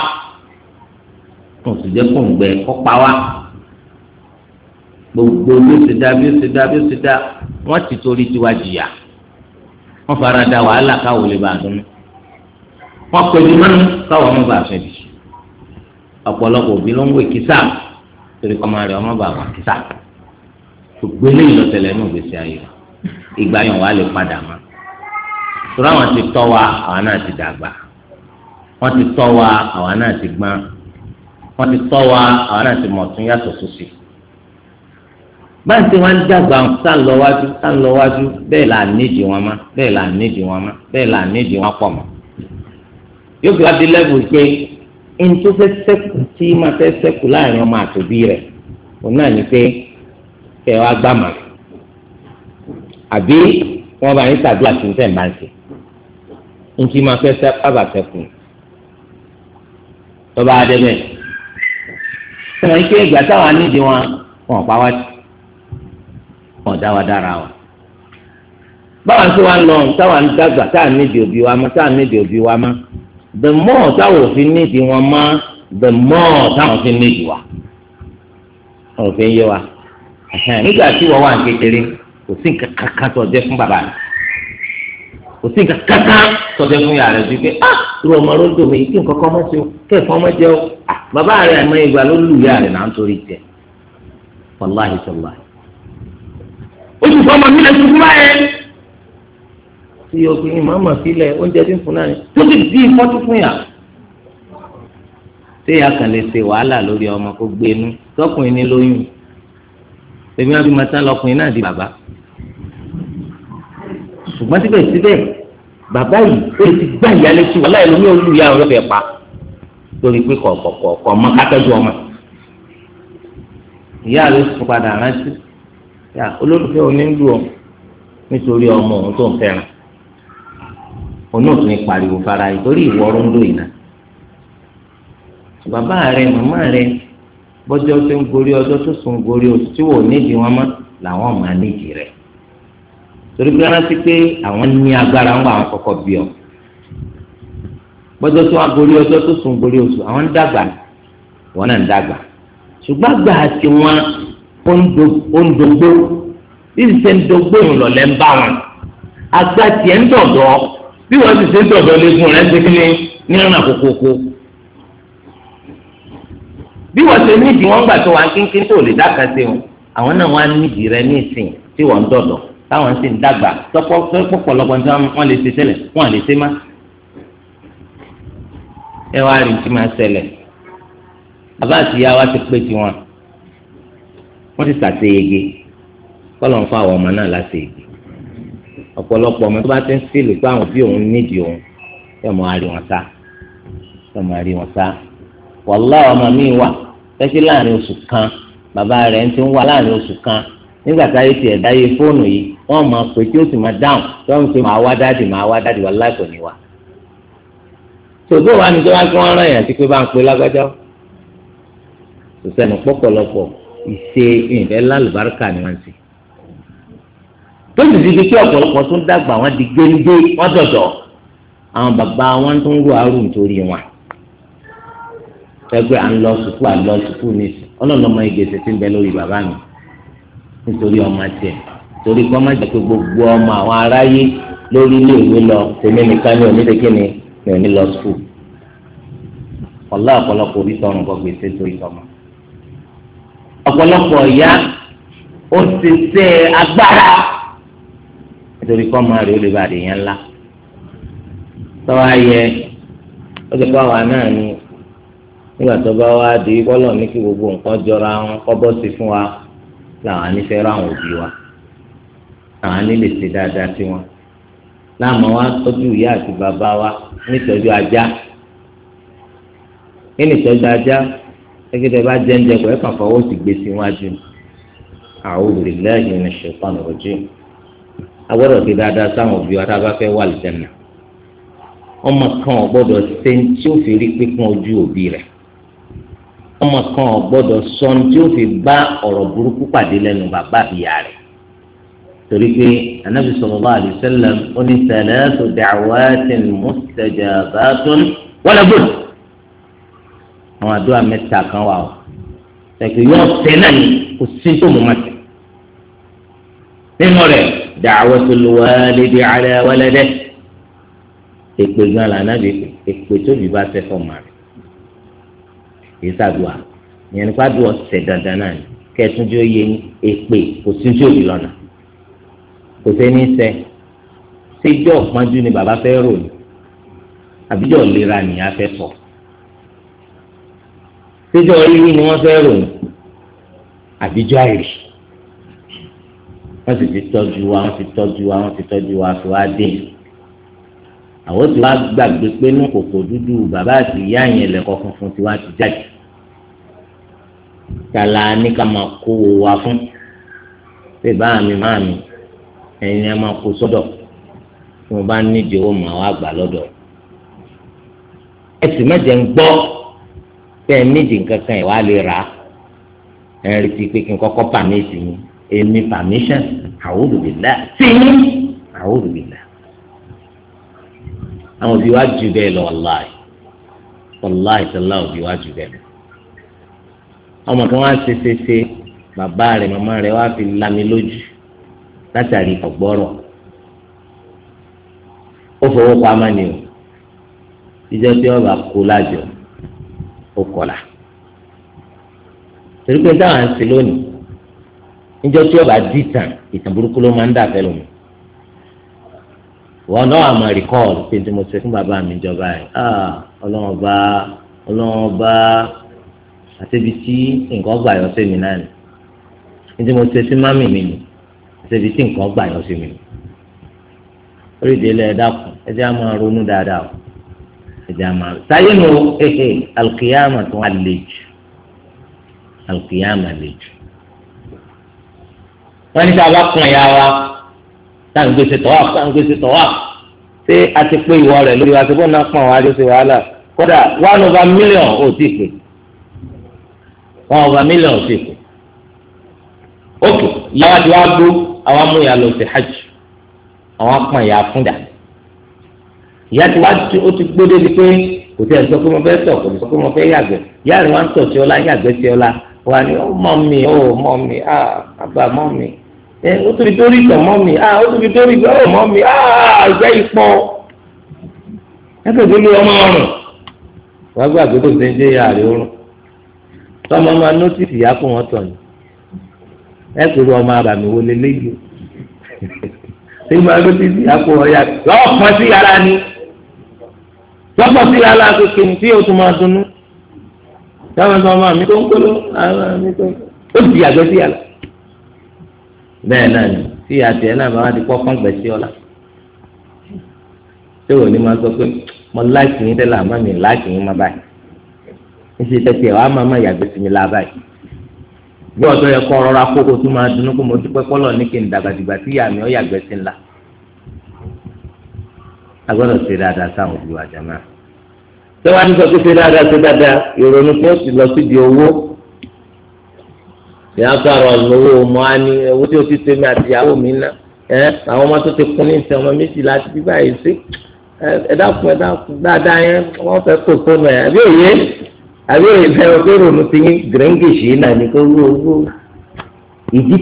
wọn ò kó òǹgbẹ kó pa wá gbogbo bí ó ti dá bí ó ti dá bí ó ti dá wọn ti torí tiwa jìyà wọn fara da wàhálà káwọ lè bá a dùn wọn pèsè mọ́nú káwọ ọmọ bá a fẹ́ bi ọ̀pọ̀lọpọ̀ òbí ló ń wé kísà torí kọ́mọ rẹ̀ ọmọ bá wà kísà gbogbo eléyìí lọ́tẹ̀lẹ̀ ní òbí sí ayé ìgbà yẹn wàá lè padà máa. torí wọn ti tọ́ wa àwọn náà ti dàgbà ti tọ́ wa àwọn náà ti gbọ́n ti tọ́ wa àwọn náà ti bẹ́ẹ̀ là nídìí wọn bẹ́ẹ̀ là nídìí wọn bẹ́ẹ̀ là nídìí wọn pọ̀ yóò fi wá di lẹ́bù pé n tó fẹ́ sẹ́kù tí máa fẹ́ sẹ́kù láàrin ọmọ àtòbí rẹ̀ òun náà ni pé wá gbàmà àbí wọ́n bá yín tàbí ntí máa fẹ́ sábà sẹ́kùn tọ́ba adẹ́bẹ̀ sọ̀rọ̀ ike ìgbà táwọn anídìí wọn wọn pa wá wọn dá wa dára wa báwa ń sọ wa lọ táwọn dàgbà táwọn nídìí òbí wa má táwọn nídìí òbí wa má the more táwọn òfin nídìí wọn má the more táwọn òfin nídìí wa òfin yé wa nígbà tí wọ́n wà kékeré kò sí nǹkan kankan tó jẹ́ fún bàbá rẹ̀ kò sí nǹkan kankan tọ́jú fún yàrá rẹ̀ ju pé ah irú ọmọ ló ń dòwe kí nǹkan kan mọ́ sí o kẹ́ẹ̀fọ́ mọ́ jẹ́ o ah, bàbá rẹ̀ àmọ́ ìgbà ló lù yàrá rẹ̀ náà ń torí jẹ wàláhì sọláhì. ó sì fọmọ mi lẹ́sùn fún báyẹn. tí obìnrin màmá filẹ̀ oúnjẹ tí ń fún náà ni tó sì di ìfọ́tú fún yà. téèyàn kan lè ṣe wàhálà lórí ọmọ kó gbénú tọkùnrin ní lóyún èmi àbí màtá lọkùnrin náà di bàbá ṣùgbọ́n síbẹ̀síbẹ̀ bàbá yìí ó lè ti gbá ìyálé tí wọ́n láìlú ní olùyà ọ̀rọ̀ bẹ̀ pa lórí pé kọ̀ọ̀kọ̀ọ̀kọ̀ ọmọ kátẹ́jú ọmọ. ìyá rẹ̀ sọ padà rántí yà olólùfẹ́ onílù ọ nítorí ọmọ òun tó ń fẹ́ràn òun náà tún ní pariwo fara ìtorí ìwọ ọrọ̀ ń lò ìná. bàbá rẹ màmá rẹ bọ́jọ́ tó ń gorí ọjọ́ tó sùn gorí oṣù tí wò nídìí wọn mọ́ làwọn máa nídìí rẹ̀ torí pé rántí pé àwọn ní agbára ń wà àwọn kọkọ bí ọ gbọ́dọ̀ tó wọn gorí tó sùn gorí oṣù àwọn ń dàgbà wọn náà ń dàgbà ṣùgbọ́n àgbà àti wọn ó ń dogbó bí ti ń bá wọn àgbà tiẹ̀ ń dọ̀dọ̀ bí wọ́n ti ṣe ń dọ̀dọ̀ lẹ́gùn rẹ̀ ṣe kí ni kókókó bí wọ́n ṣe wà kínkín tó lè wọn àwọn náà nídìí rẹ ní ìsìn tí wọ́n ń táwọn sì ń dàgbà tọpọ pọpọlọpọ tí wọn lè ṣe tẹ́lẹ̀ wọn lè ṣe má. ẹ wá rí tí máa ṣẹlẹ̀ bàbá àti ìyá wa ti pé tiwọn wọn ti ṣàṣeyege kọlọ ń fa àwọn ọmọ náà láṣeyege ọ̀pọ̀lọpọ̀ ọmọ tó bá ti ń fìlì pé àwọn bí òun nídìí òun yóò máa rí wọn sá yóò máa rí wọn sá wàláhì ọmọ mi wà tẹ́sí láàrin oṣù kan bàbá rẹ̀ ń ti ń wà láàrin oṣù kan nígbà táyé tiẹ̀ dáyé fóònù yìí wọ́n máa pè tí ó sì máa dáhùn tí wọ́n fi máa wá dáàdì máa wá dáàdì wá láìpẹ́ ní wa. tòbó wa ni jọba kí wọ́n rán èèyàn sí pé bá ń pe lágbájá kò sẹ́nu pọ̀pọ̀lọpọ̀ ìṣe ìfẹ́ lálùbáríkà ni wọ́n ti. tó sì ti di kí ọ̀pọ̀lọpọ̀ tó ń dàgbà wọn di géńdé wọ́n dọ̀dọ̀ àwọn bàbá wọn tó ń rò àrùn torí wọn. ẹgbẹ́ à ń lọ sùkúù à ń lọ sùkúù ní ọlọ́ọ̀lọ́mọ ìgbésẹ̀ ti ń bẹ lórí bàbá mi nítorí ọmọ tiẹ̀ torí kọ́ má jẹ́ pé gbogbo ọmọ àwọn aráyé lórí ilé ìwé lọ tèmi nìkan ní onídekíni ní òní lọ sùkúl ọlá ọ̀pọ̀lọpọ̀ orí sọ̀rùn kọ gbèsè torí sọmọ ọ̀pọ̀lọpọ̀ ìyá ó ti sẹ agbára nítorí kọ́ máa rí olè bàdé yẹn ńlá tọ́wọ́ ayẹ ó ti kọ́ àwa náà ni nígbà tó bá wá di kọ́lọ̀ ní kí gbogbo nǹkan jọra wọn kọ́ bọ́ sí fún wa làwọn anífẹ́ rà àwọn òbí wa àwọn anílè ṣe dáadáa sí wọn láàmú wa tọ́jú ìyá àti bàbá wa nítọ́jú ajá kí nítọ́jú ajá ẹgbẹ́tẹ́ bá jẹ́ ńjẹ pẹ̀lú kàn fọwọ́ sì gbé sí wájú a'udhu billahi minash shaitanir rajim agbọ́dọ̀ ti dáadáa sáwọn òbí wa tá a bá fẹ́ wà lìjẹ́nà ọmọ kan ò ṣe tí ó fi rí pípọ́n ojú òbí rẹ̀ ọmọ kan gbọ́dọ̀ sọnù tí ó fi bá ọ̀rọ̀ burúkú pàdé lẹ́nu bàbá àbíyá rẹ̀ torí pé anabi sallallahu alaihi wasallam ó ní salatu da'watin mustajabatun wala bud àwọn àdúrà mẹ́ta kan wà ó ẹ̀kọ́ yóò tẹ náà ní kò sí tó mọ̀ mọ́tẹ́ nínú rẹ̀ da'watul walidi ala waladihi èpè gan la anabi èpè tóbi bá fẹ́ fọ́ màrí èyí sàdúà ìyẹn nípa bí wọ́n dandan náà ni kẹ́ẹ̀tún tí ó yẹ èpè kò sí tí ò ní lọ́nà kò sẹ́ni sẹ́ ṣéjọ́ ọ̀pọ̀njú ni bàbá fẹ́ rò ní àbíjọ́ ìlera ni a fẹ́ sọ ṣéjọ́ rírí ni wọ́n fẹ́ rò ní àbíjọ́ àìrí wọ́n sì ti tọ́jú wa wọ́n ti tọ́jú wa wọ́n ti tọ́jú wa fi wá dé àwọn tí wàá gbàgbé pé ní kòkò dúdú bàbá àti ìyá yẹn lẹ́kọ̀ọ́ funfun tí wàá ti jáde tàlà ní ká máa kó o wá fún ṣé bá mi má mi ẹ̀yin ẹ máa kó sọ́dọ̀ tí mo bá nídìí owó màá wá gbà lọ́dọ̀ ẹ sì mẹ́jẹ̀ ń gbọ́ pé ẹ nídìí nǹkan kan ẹ̀ wá lè rà á ẹ rí ti pé kí n kọ́kọ́ pàmìtì yín èmi permission àwòrán-ìlà tí àwòrán àwọn òbí wa jù bẹ́ẹ̀ lọ wàláì wàláì tẹ́lá òbí wa jù bẹ́ẹ̀ lọ ọmọ kan wá ṣe ṣe ṣe bàbá rẹ̀ màmá rẹ̀ wá fi lami lójú látàrí ọ̀gbọ́rọ̀ ó fowó pamọ́ ni o ìjọ tí ọba kó lájọ ó kọlà torí pé dáhà ń ṣe lónìí níjọ tí ọba dì tàn ìtàn burúkú ló máa ń dà fẹ́ lómi wọn náà àmọ́ rìkọ́ọ̀lù pé tí mo ṣe fún bàbá mi jọba ẹ̀ ah, ọlọ́wọ́n bá ọlọ́wọ́n bá àtẹbi tí nǹkan gbà yọ sí mi náà ni nítorí mo ṣe sí mami mi ni àtẹbi tí nǹkan gbà yọ sí mi ni orí ìdílé ẹ dákun ẹ jẹ́ àmọ́ ronú dáadáa o ẹ jẹ́ àmọ́ táyé nu ehe alùkìyàmà tó wà lè jù alùkìyàmà lè jù wọ́n ní sábà kún ẹ̀yà wa táwọn gbèsè tọ́wà táwọn gbèsè tọ́wà ṣé a ti pé ìwọ rẹ̀ lórí wa ṣe bọ́ọ̀ náà pọ̀ wá ló wàhálà kódà one over million ò tí pè é wọn ọba mílíọ̀nù sí kù ókè ìyá wa ti wá gbó àwa mú ìyá lọ sí hajj àwọn pọn ìyá fún dà ìyá ti wá ó ti gbó débi pé kò tí ẹ sọ pé mo fẹ́ sọ kò tí sọ pé mo fẹ́ yàgbẹ́ ìyá rẹ̀ wá ń sọ tí ọlá yàgbẹ́ tí ọlá wà ní ọmọ mi ọ mọ mi à bàbá mọ mi ẹ ó tún fi dórí ìtàn mọ mi à ó tún fi dórí ìgbà ọ mọ mi à ìgbà ìpọ ẹ kò tó lé ọmọ ọrùn wàá gbàgbé kò sí ń jẹ ìyá rẹ̀ tọmọ máa nọtìsì yá kó wọn tọ ni ẹ pẹ̀lú ọmọ àbàmì wọlé léyìí ṣé máa nọtìsì yá kó wọn yá lọ́wọ́ pọ̀ sí yàrá ni lọ́pọ̀ sí yàrá kékeré tí o tún máa dunnú táwọn ọmọ mi tó ń kóló àwọn mi tó ń kóló ó di àgbẹ̀ sí yàrá bẹ́ẹ̀ náà ni tí àti ẹ̀ náà bá wá di pọ́ fún àgbẹ̀ sí ọ̀la tí o ní máa sọ pé mo láìsí yín tẹ́lẹ̀ àmọ́ mi láìsí yín má báyìí níṣẹ́ tẹ̀sí ẹ̀ wá máa máa yàgbé sí mi lába yìí bí ọ̀dọ́ yẹ kọ́ ọ̀rọ̀ akókò tó máa dunú kó mo dúpẹ́ kọ́lọ̀ ní kí n dàgbàdìgbà tí ìyá mi ọ̀ yàgbé sí ńlá a gbọ́dọ̀ ṣe dáadáa sáwọn òbí wa jàmá tó wá nígbà tó ṣe dáadáa ṣe dáadáa ìrònú tó sì lọ síbi owó ìyá sọ̀rọ̀ lówó mọ́ á ní owó tí o ti ṣe mi àti ìyàwó mi ná ẹ àwọn ọmọ tó ti kún ní ìṣẹ́ ọmọ méjì láti bí báyìí sí ẹ dákun ẹ dákun dáadáa yẹn wọ́n fẹ́ kó fóònù ẹ̀ àbí òye àbí èyí fẹ́ ọ pé ronú ti yín gírẹ́ngèsì náà ni kó wó owó ìdí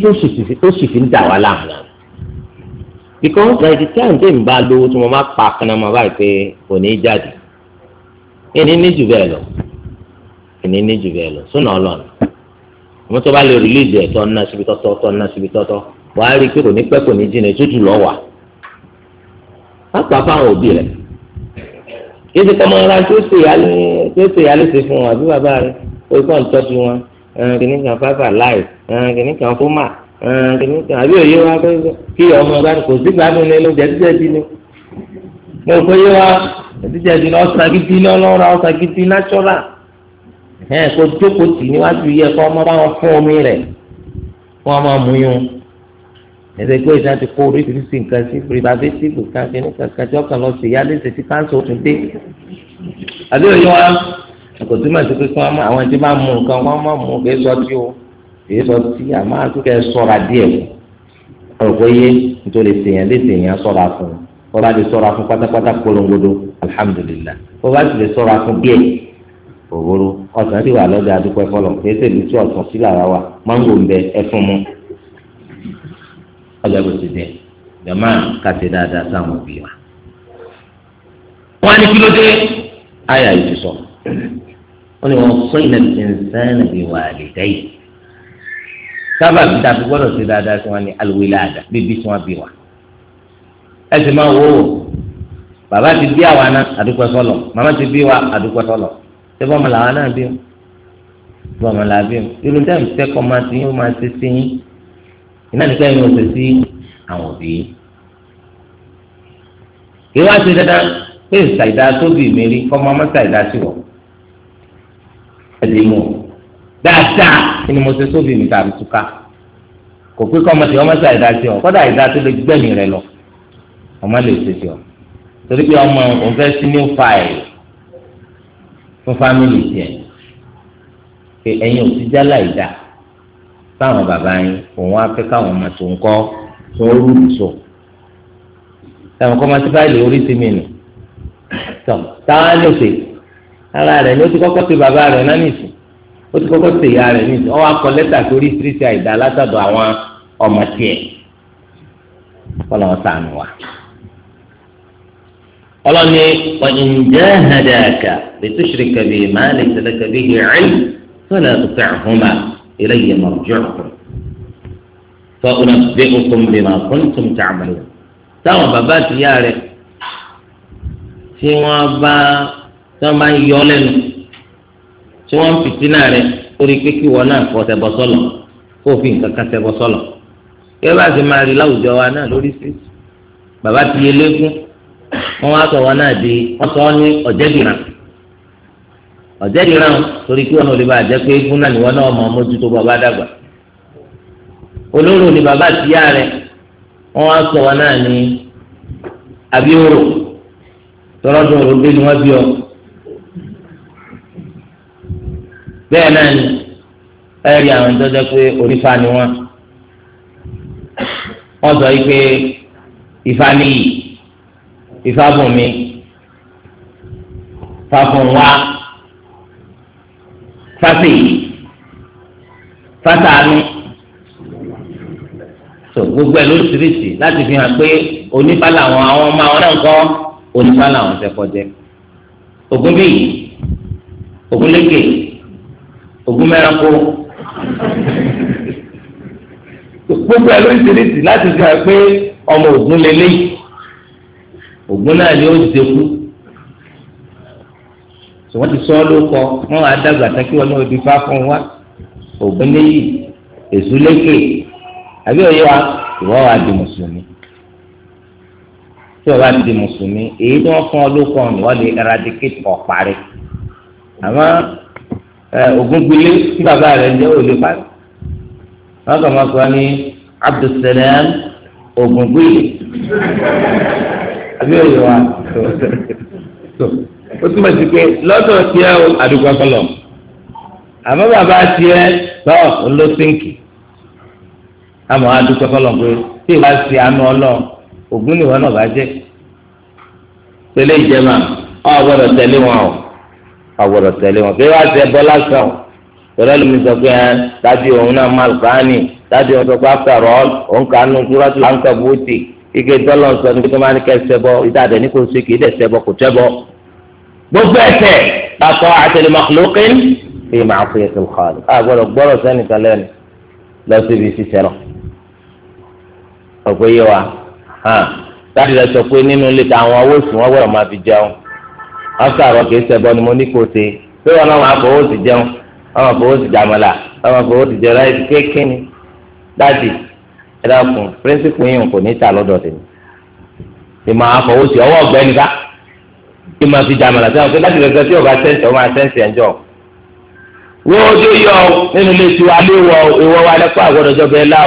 tó sì fi ń dà wá láàmú. because by the time tí n bá lówó tí mo máa pa kaná máa báyìí pé kò ní í jáde ìní ní jù bẹ́ẹ̀ lọ ìní ní jù bẹ́ẹ̀ lọ sónà ọlọ́run mo tó bá lè rìlíìsì ẹ̀tọ́ ńná síbi tọ́tọ́ tọ́ ńná síbi tọ́tọ́ wàá rí i pé kò ní pẹ́ kò ní jìnnà tútù lọ́wà yìí ti kọ́ mọ ara tí ó ṣe ìyálé tí ó ṣe ìyálé ṣe fún wọn àbí bàbá rẹ ó kàn tọ́jú wọn kìnnì kan fáfà láì kìnnì kan fúnmà kìnnì kan àbí òye wa kí ọmọ bá kò sí gbàdúrà ní ẹnu jẹ́díjẹ́dí ni mo kọ́ yé wa jẹ́díjẹ́dí ni ọ̀sán gidi ní ọlọ́ra ọ̀sán gidi náṣọ́là kò jókòó tì níwájú yẹ kọ́ ọmọ bá wọn fún omi rẹ̀ wọ́n máa mú yún ẹsẹ pé ìṣá ti kó oríṣiríṣi nǹkan sí privative kan kí ní kankan tí ọkàn lọ sí yálẹsẹ tí káńsó tún dé àbí òye wa kò túmọ̀ sí pé kí wọ́n mú àwọn ẹni tí bá mú nǹkan wọ́n mọ̀ mú kì í sọ tí o kì í sọ tí àmọ́ àtúkẹ́ sọ̀ra díẹ̀ o ọ̀pọ̀ yé nítorí sèyàn lè sèyàn sọ̀ra fún un kó bá lè sọ̀ra fún pátápátá polongodo alhamdulilah kó bá sì lè sọ̀ra fún díẹ̀ òwúrò ọ̀sán ti wà lọ́dọ̀ adúpẹ́ fọlọ́ kì í sèlú tí ọ̀sán sí làrá wa máńgò ń bẹ ẹfun mu ọlẹ́bù ti dé jọ̀mọ́ kàti dáadáa sáwọn òbí wa. wọ́n ní kí ló dé ayà yìí sọ wọ́n ní wọ́n sọ ìlànà ìsẹ́nà ìwà àlìdẹ́ yìí sábà bí tàbí gbọ́dọ̀ ti dáadáa sí wọn ní alùwílẹ̀ àdá bíbí tí wọ́n bí wa. ẹ sì máa wò ó bàbá ti bí àwa náà àdúpẹ́ sọ́lọ̀ màmá ti bí wa àdúpẹ́ sọ́lọ̀ ṣé bọ́ọ̀mù làwa náà bí wọn bọ́ọ̀mù làwa bí wọn irun tẹ́ máa ti yín ó máa ti sí yín iná nìkan yìí wọ́n ṣe sí àwọn òbí. kí wọ́n á ṣe dandan pé ṣàìdá tóbi mi rí kọ́mọ ọmọ ṣàìdá sí wọ̀ ẹ̀dẹ̀ mọ̀ dáadáa kí ni mo ṣe tóbi mi tàbí túká kò pé kọ́mọ tí ọmọ ṣàìdá sí ọ kọ́dà ìdá tó lè gbẹ̀mí rẹ lọ ọmọ lè ṣe sí ọ torí pé ọmọ òun fẹ́ sí new file fún family tiẹ̀ pé ẹ̀yin ò ti já láì dáa fáwọn bàbá yín òun á fẹ́ káwọn ọmọ tó ń kọ́ tó ń rú ìṣó táwọn kọ́ máa ti báyìí lórí sí mi nù tó táwọn á lè pè ara rẹ̀ ni ó ti kọ́kọ́ pe bàbá rẹ̀ náà nìsín ó ti kọ́kọ́ pe ìyá rẹ̀ nìsín ó wá kọ lẹ́tà sórí síríṣì àìdá látọ̀dọ̀ àwọn ọmọ tiẹ̀ kọ́lọ́ sànù wa. ọlọ́ni ọ̀yìn hàdàkà lè tó ṣe kàbí màá tẹ̀lé kàbí yìí rẹ̀ tó fẹ́ fún bàá. إلي مرجعكم فأنبئكم بما كنتم تعملون táwọn bàbá àti ìyá rẹ̀ tí wọ́n bá tí wọ́n bá ń yọ lẹ́nu tí wọ́n ń fìtínà rẹ̀ orí kékeré wọn náà kọ ṣẹbọ sọlọ kó fi nǹkan kan ṣẹbọ sọlọ kí ẹ bá ti máa rí láwùjọ wa náà lórí sí bàbá ti yẹ lẹ́gùn wọ́n wá sọ wọn náà di wọ́n sọ ọ ní ọ̀jẹ̀dìrán ọ̀jẹ́ ìran torí kí wọn ò lè bá jẹ́ pé fún náà níwọ́n náà mọ mójútó bàbá dàgbà olóró ni bàbá àtìyá rẹ wọn á sọ wọn náà ní abíòrò tọrọdún òrògbé ni wọn bí ọ pé onífà ni wọn wọn sọ yìí fásì fásàánú tó gbogbo ẹ lóríṣiríṣi láti fi hàn pé onífà làwọn àwọn ọmọ àwọn náà ń kọ onífà làwọn fẹ́ kọjẹ ogun bíi ogun lékè ogun mẹranko gbogbo ẹ lóríṣiríṣi láti fi hàn pé ọmọ ogun lélẹyìí ogun náà ni ó dẹkú wọ́n ti sọ ọ́ ló kọ wọ́n wá dàgbà tán kí wọ́n náà di fá fún wa ògùn léyìí èso lékè àbí òye wa ìwọ́ wa di mùsùlùmí tí o bá di mùsùlùmí èyí tí wọ́n fún ọ ló kọ ni wọ́n lè eradicate kọ̀ parí àmọ́ ògùn gbilé tí bàbá rẹ̀ jẹ́ òye parí wọ́n kàn máa sọ ní Abdulsalam ògùn gbilé àbí òye wa tó tó ó túmọ̀ sí pé lọ́dọ̀ tiẹ̀ àdúgbò ọkọlọ àmọ́ bàbá tiẹ̀ tọ́ olóṣèǹkì àmọ́ àdúgbò ọkọlọ pé tí ìwà sí àánú ọlọ́run ògún ni ìwọ náà bá jẹ́ pélé ìjẹba ọ gbọ́dọ̀ tẹ̀lé wọn o ọ gbọ́dọ̀ tẹ̀lé wọn pé wá sí ẹbọ lásán o tọ́lá lómi sọ pé ẹ tàbí òun náà má lùkánì tàbí òun sọ pé afẹ́rọ́ òun kà ń nu túrọ́tù láǹkà bóòtì ike tọ́lọ̀ sọ ní pé tó máa ní kẹ́ sẹ́bọ̀ ìdá àdẹ́ni kò sí kì í dẹ̀ sẹ́bọ̀ kò tẹ́bọ̀ gbogbo ẹsẹ̀ látọ̀ àtẹlẹ makhluqin fi máa fi ẹsẹ̀ kọ́ọ̀lù. a gbọ́dọ̀ gbọ́dọ̀ sẹ́ni tẹ́lẹ̀ ni lọ sí ibi ṣiṣẹ́ lọ. ọ̀pẹ yé wa láti lọ sọ pé nínú ilé ta àwọn owó sùn wọ́n gbọ́dọ̀ máa fi jẹun. after all kìí ṣẹbọ ni mo ní kó ṣe pé wọn náà máa fowó sí jẹun wọn máa fowó sí jàmọ́là wọn máa fowó sí jẹun láìsí kékeré dáàdì ẹ dákun píríncípù yìí kò ní ta lọ́dọ̀ tèmi. ìmọ̀ àfọwọ́sí ọwọ́ ọ̀gbẹ́ni ká kí máa fi jàmàlà sí àwọn pé láti gẹ́gẹ́ tí ọba sẹ́ǹsì ọba
ojú yọ nínú ilé tiwa lé wọ ìwọ wa lẹ́kọ́ àgọ́dọ̀jọ́ bẹ́ẹ̀ lá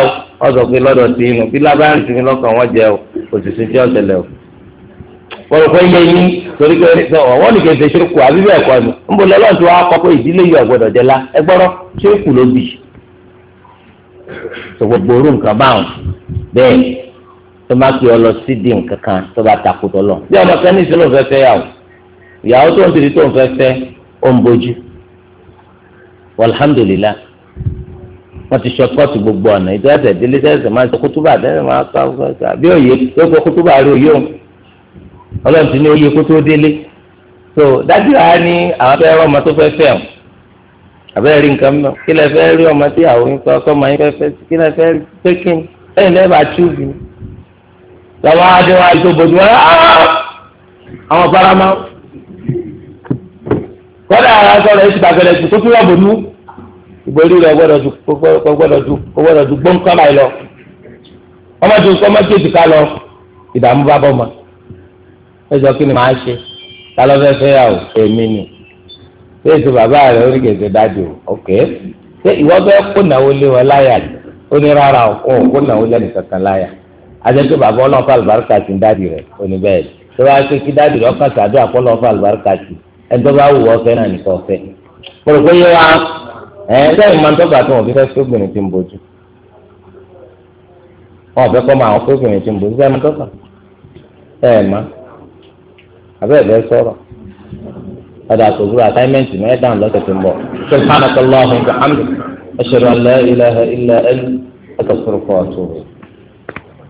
pé lọ́dọ̀ inú bí lábáyé sí inú lọ́kàn wọ́n jẹ òṣìṣẹ́ tí o. wọ́n fẹ́ yẹ yín torí pé wọ́n ní kẹsẹ̀ ṣírùkù àbí bẹ́ẹ̀ kọ́ ni tó má pè ọ lọ sídìí nǹkan kan tó bá takò tó lọ. bí ọmọ kan ní ìṣúná òun fẹ́ fẹ́ yàwó ìyàwó tó ń tìrì tó ń fẹ́ fẹ́ ó ń bójú alhamdulilah wọ́n ti ṣọpọ́ọ̀tì gbogbo ọ̀nà ìjọ ẹsẹ̀ délé sẹ́sẹ̀ máa ń sọ kútúbà dẹ́sẹ̀ máa ń sọ àwùjọ àbí òye tó gbọ́ kútúbà rí òye òun ọlọ́run ti ní òye kó tó délé so dájú àá ní àwọn fẹ́ rọ́ ọmọ tó fẹ́ fẹ́ ọ̀ àbẹ́ rí nǹkan mọ́ kí lẹ fẹ́ rí ọmọ tí àwọn yín kọ́ ọmọ yín fẹ́ fẹ́ kí lẹ fẹ́ rí pé kí ẹ̀yin lẹ́ẹ̀ bá túbú làwọn adéwájú bòjú wọn ah! àwọn barama kọ́dà ara sọ̀rọ̀ èsì gbàgbẹ́rẹ́ tó kí wọ́n bònú ìgbèrú rẹ̀ gbọ́dọ̀ ju gbọ́dọ̀ ju gbọ́nkọ́mà lọ ọmọ tó kọ́ ọmọ kéjì ká lọ ìdààmú bá bọ́ ma ẹjọ́ kí ni màá ṣe ta ló fẹ́ fẹ́ yà ó èmi ni ṣé èso bàbá rẹ̀ ó rí gègé dájú ok ṣé ìwọ fẹ́ kó nàwó lé wọn láyà ó ní rárá o kó nàwó lẹ́nu kankan láyà àjẹpẹ́ bàbá ọlọ́run fún àlùbáríkà sí dáàdì rẹ̀ oníbẹ̀ẹ́ tó bá pé kí dáàdì rẹ̀ ọkàn sàdó àpọ́lọ́ fún àlùbáríkà sí ẹni tó bá wù ọ́ fẹ́ náà nìkan fẹ́. pòròpó yé wa ẹ̀ ẹ́ sẹ́yìn máa ń tọ́gbà tó wọn fi fẹ́ sóbìnrin tí ń bojú wọn ò fẹ́ kọ́ máa wọn sóbìnrin tí ń bojú sẹ́yìn máa tọ́gbà ẹ̀ má abẹ́ẹ̀bẹ́ sọ̀rọ̀ هذا أقول أتايمنت ما يدعم لك تنبو سبحانك اللهم وبحمدك أشهد أن لا إله إلا أنت أستغفرك وأتوب إليك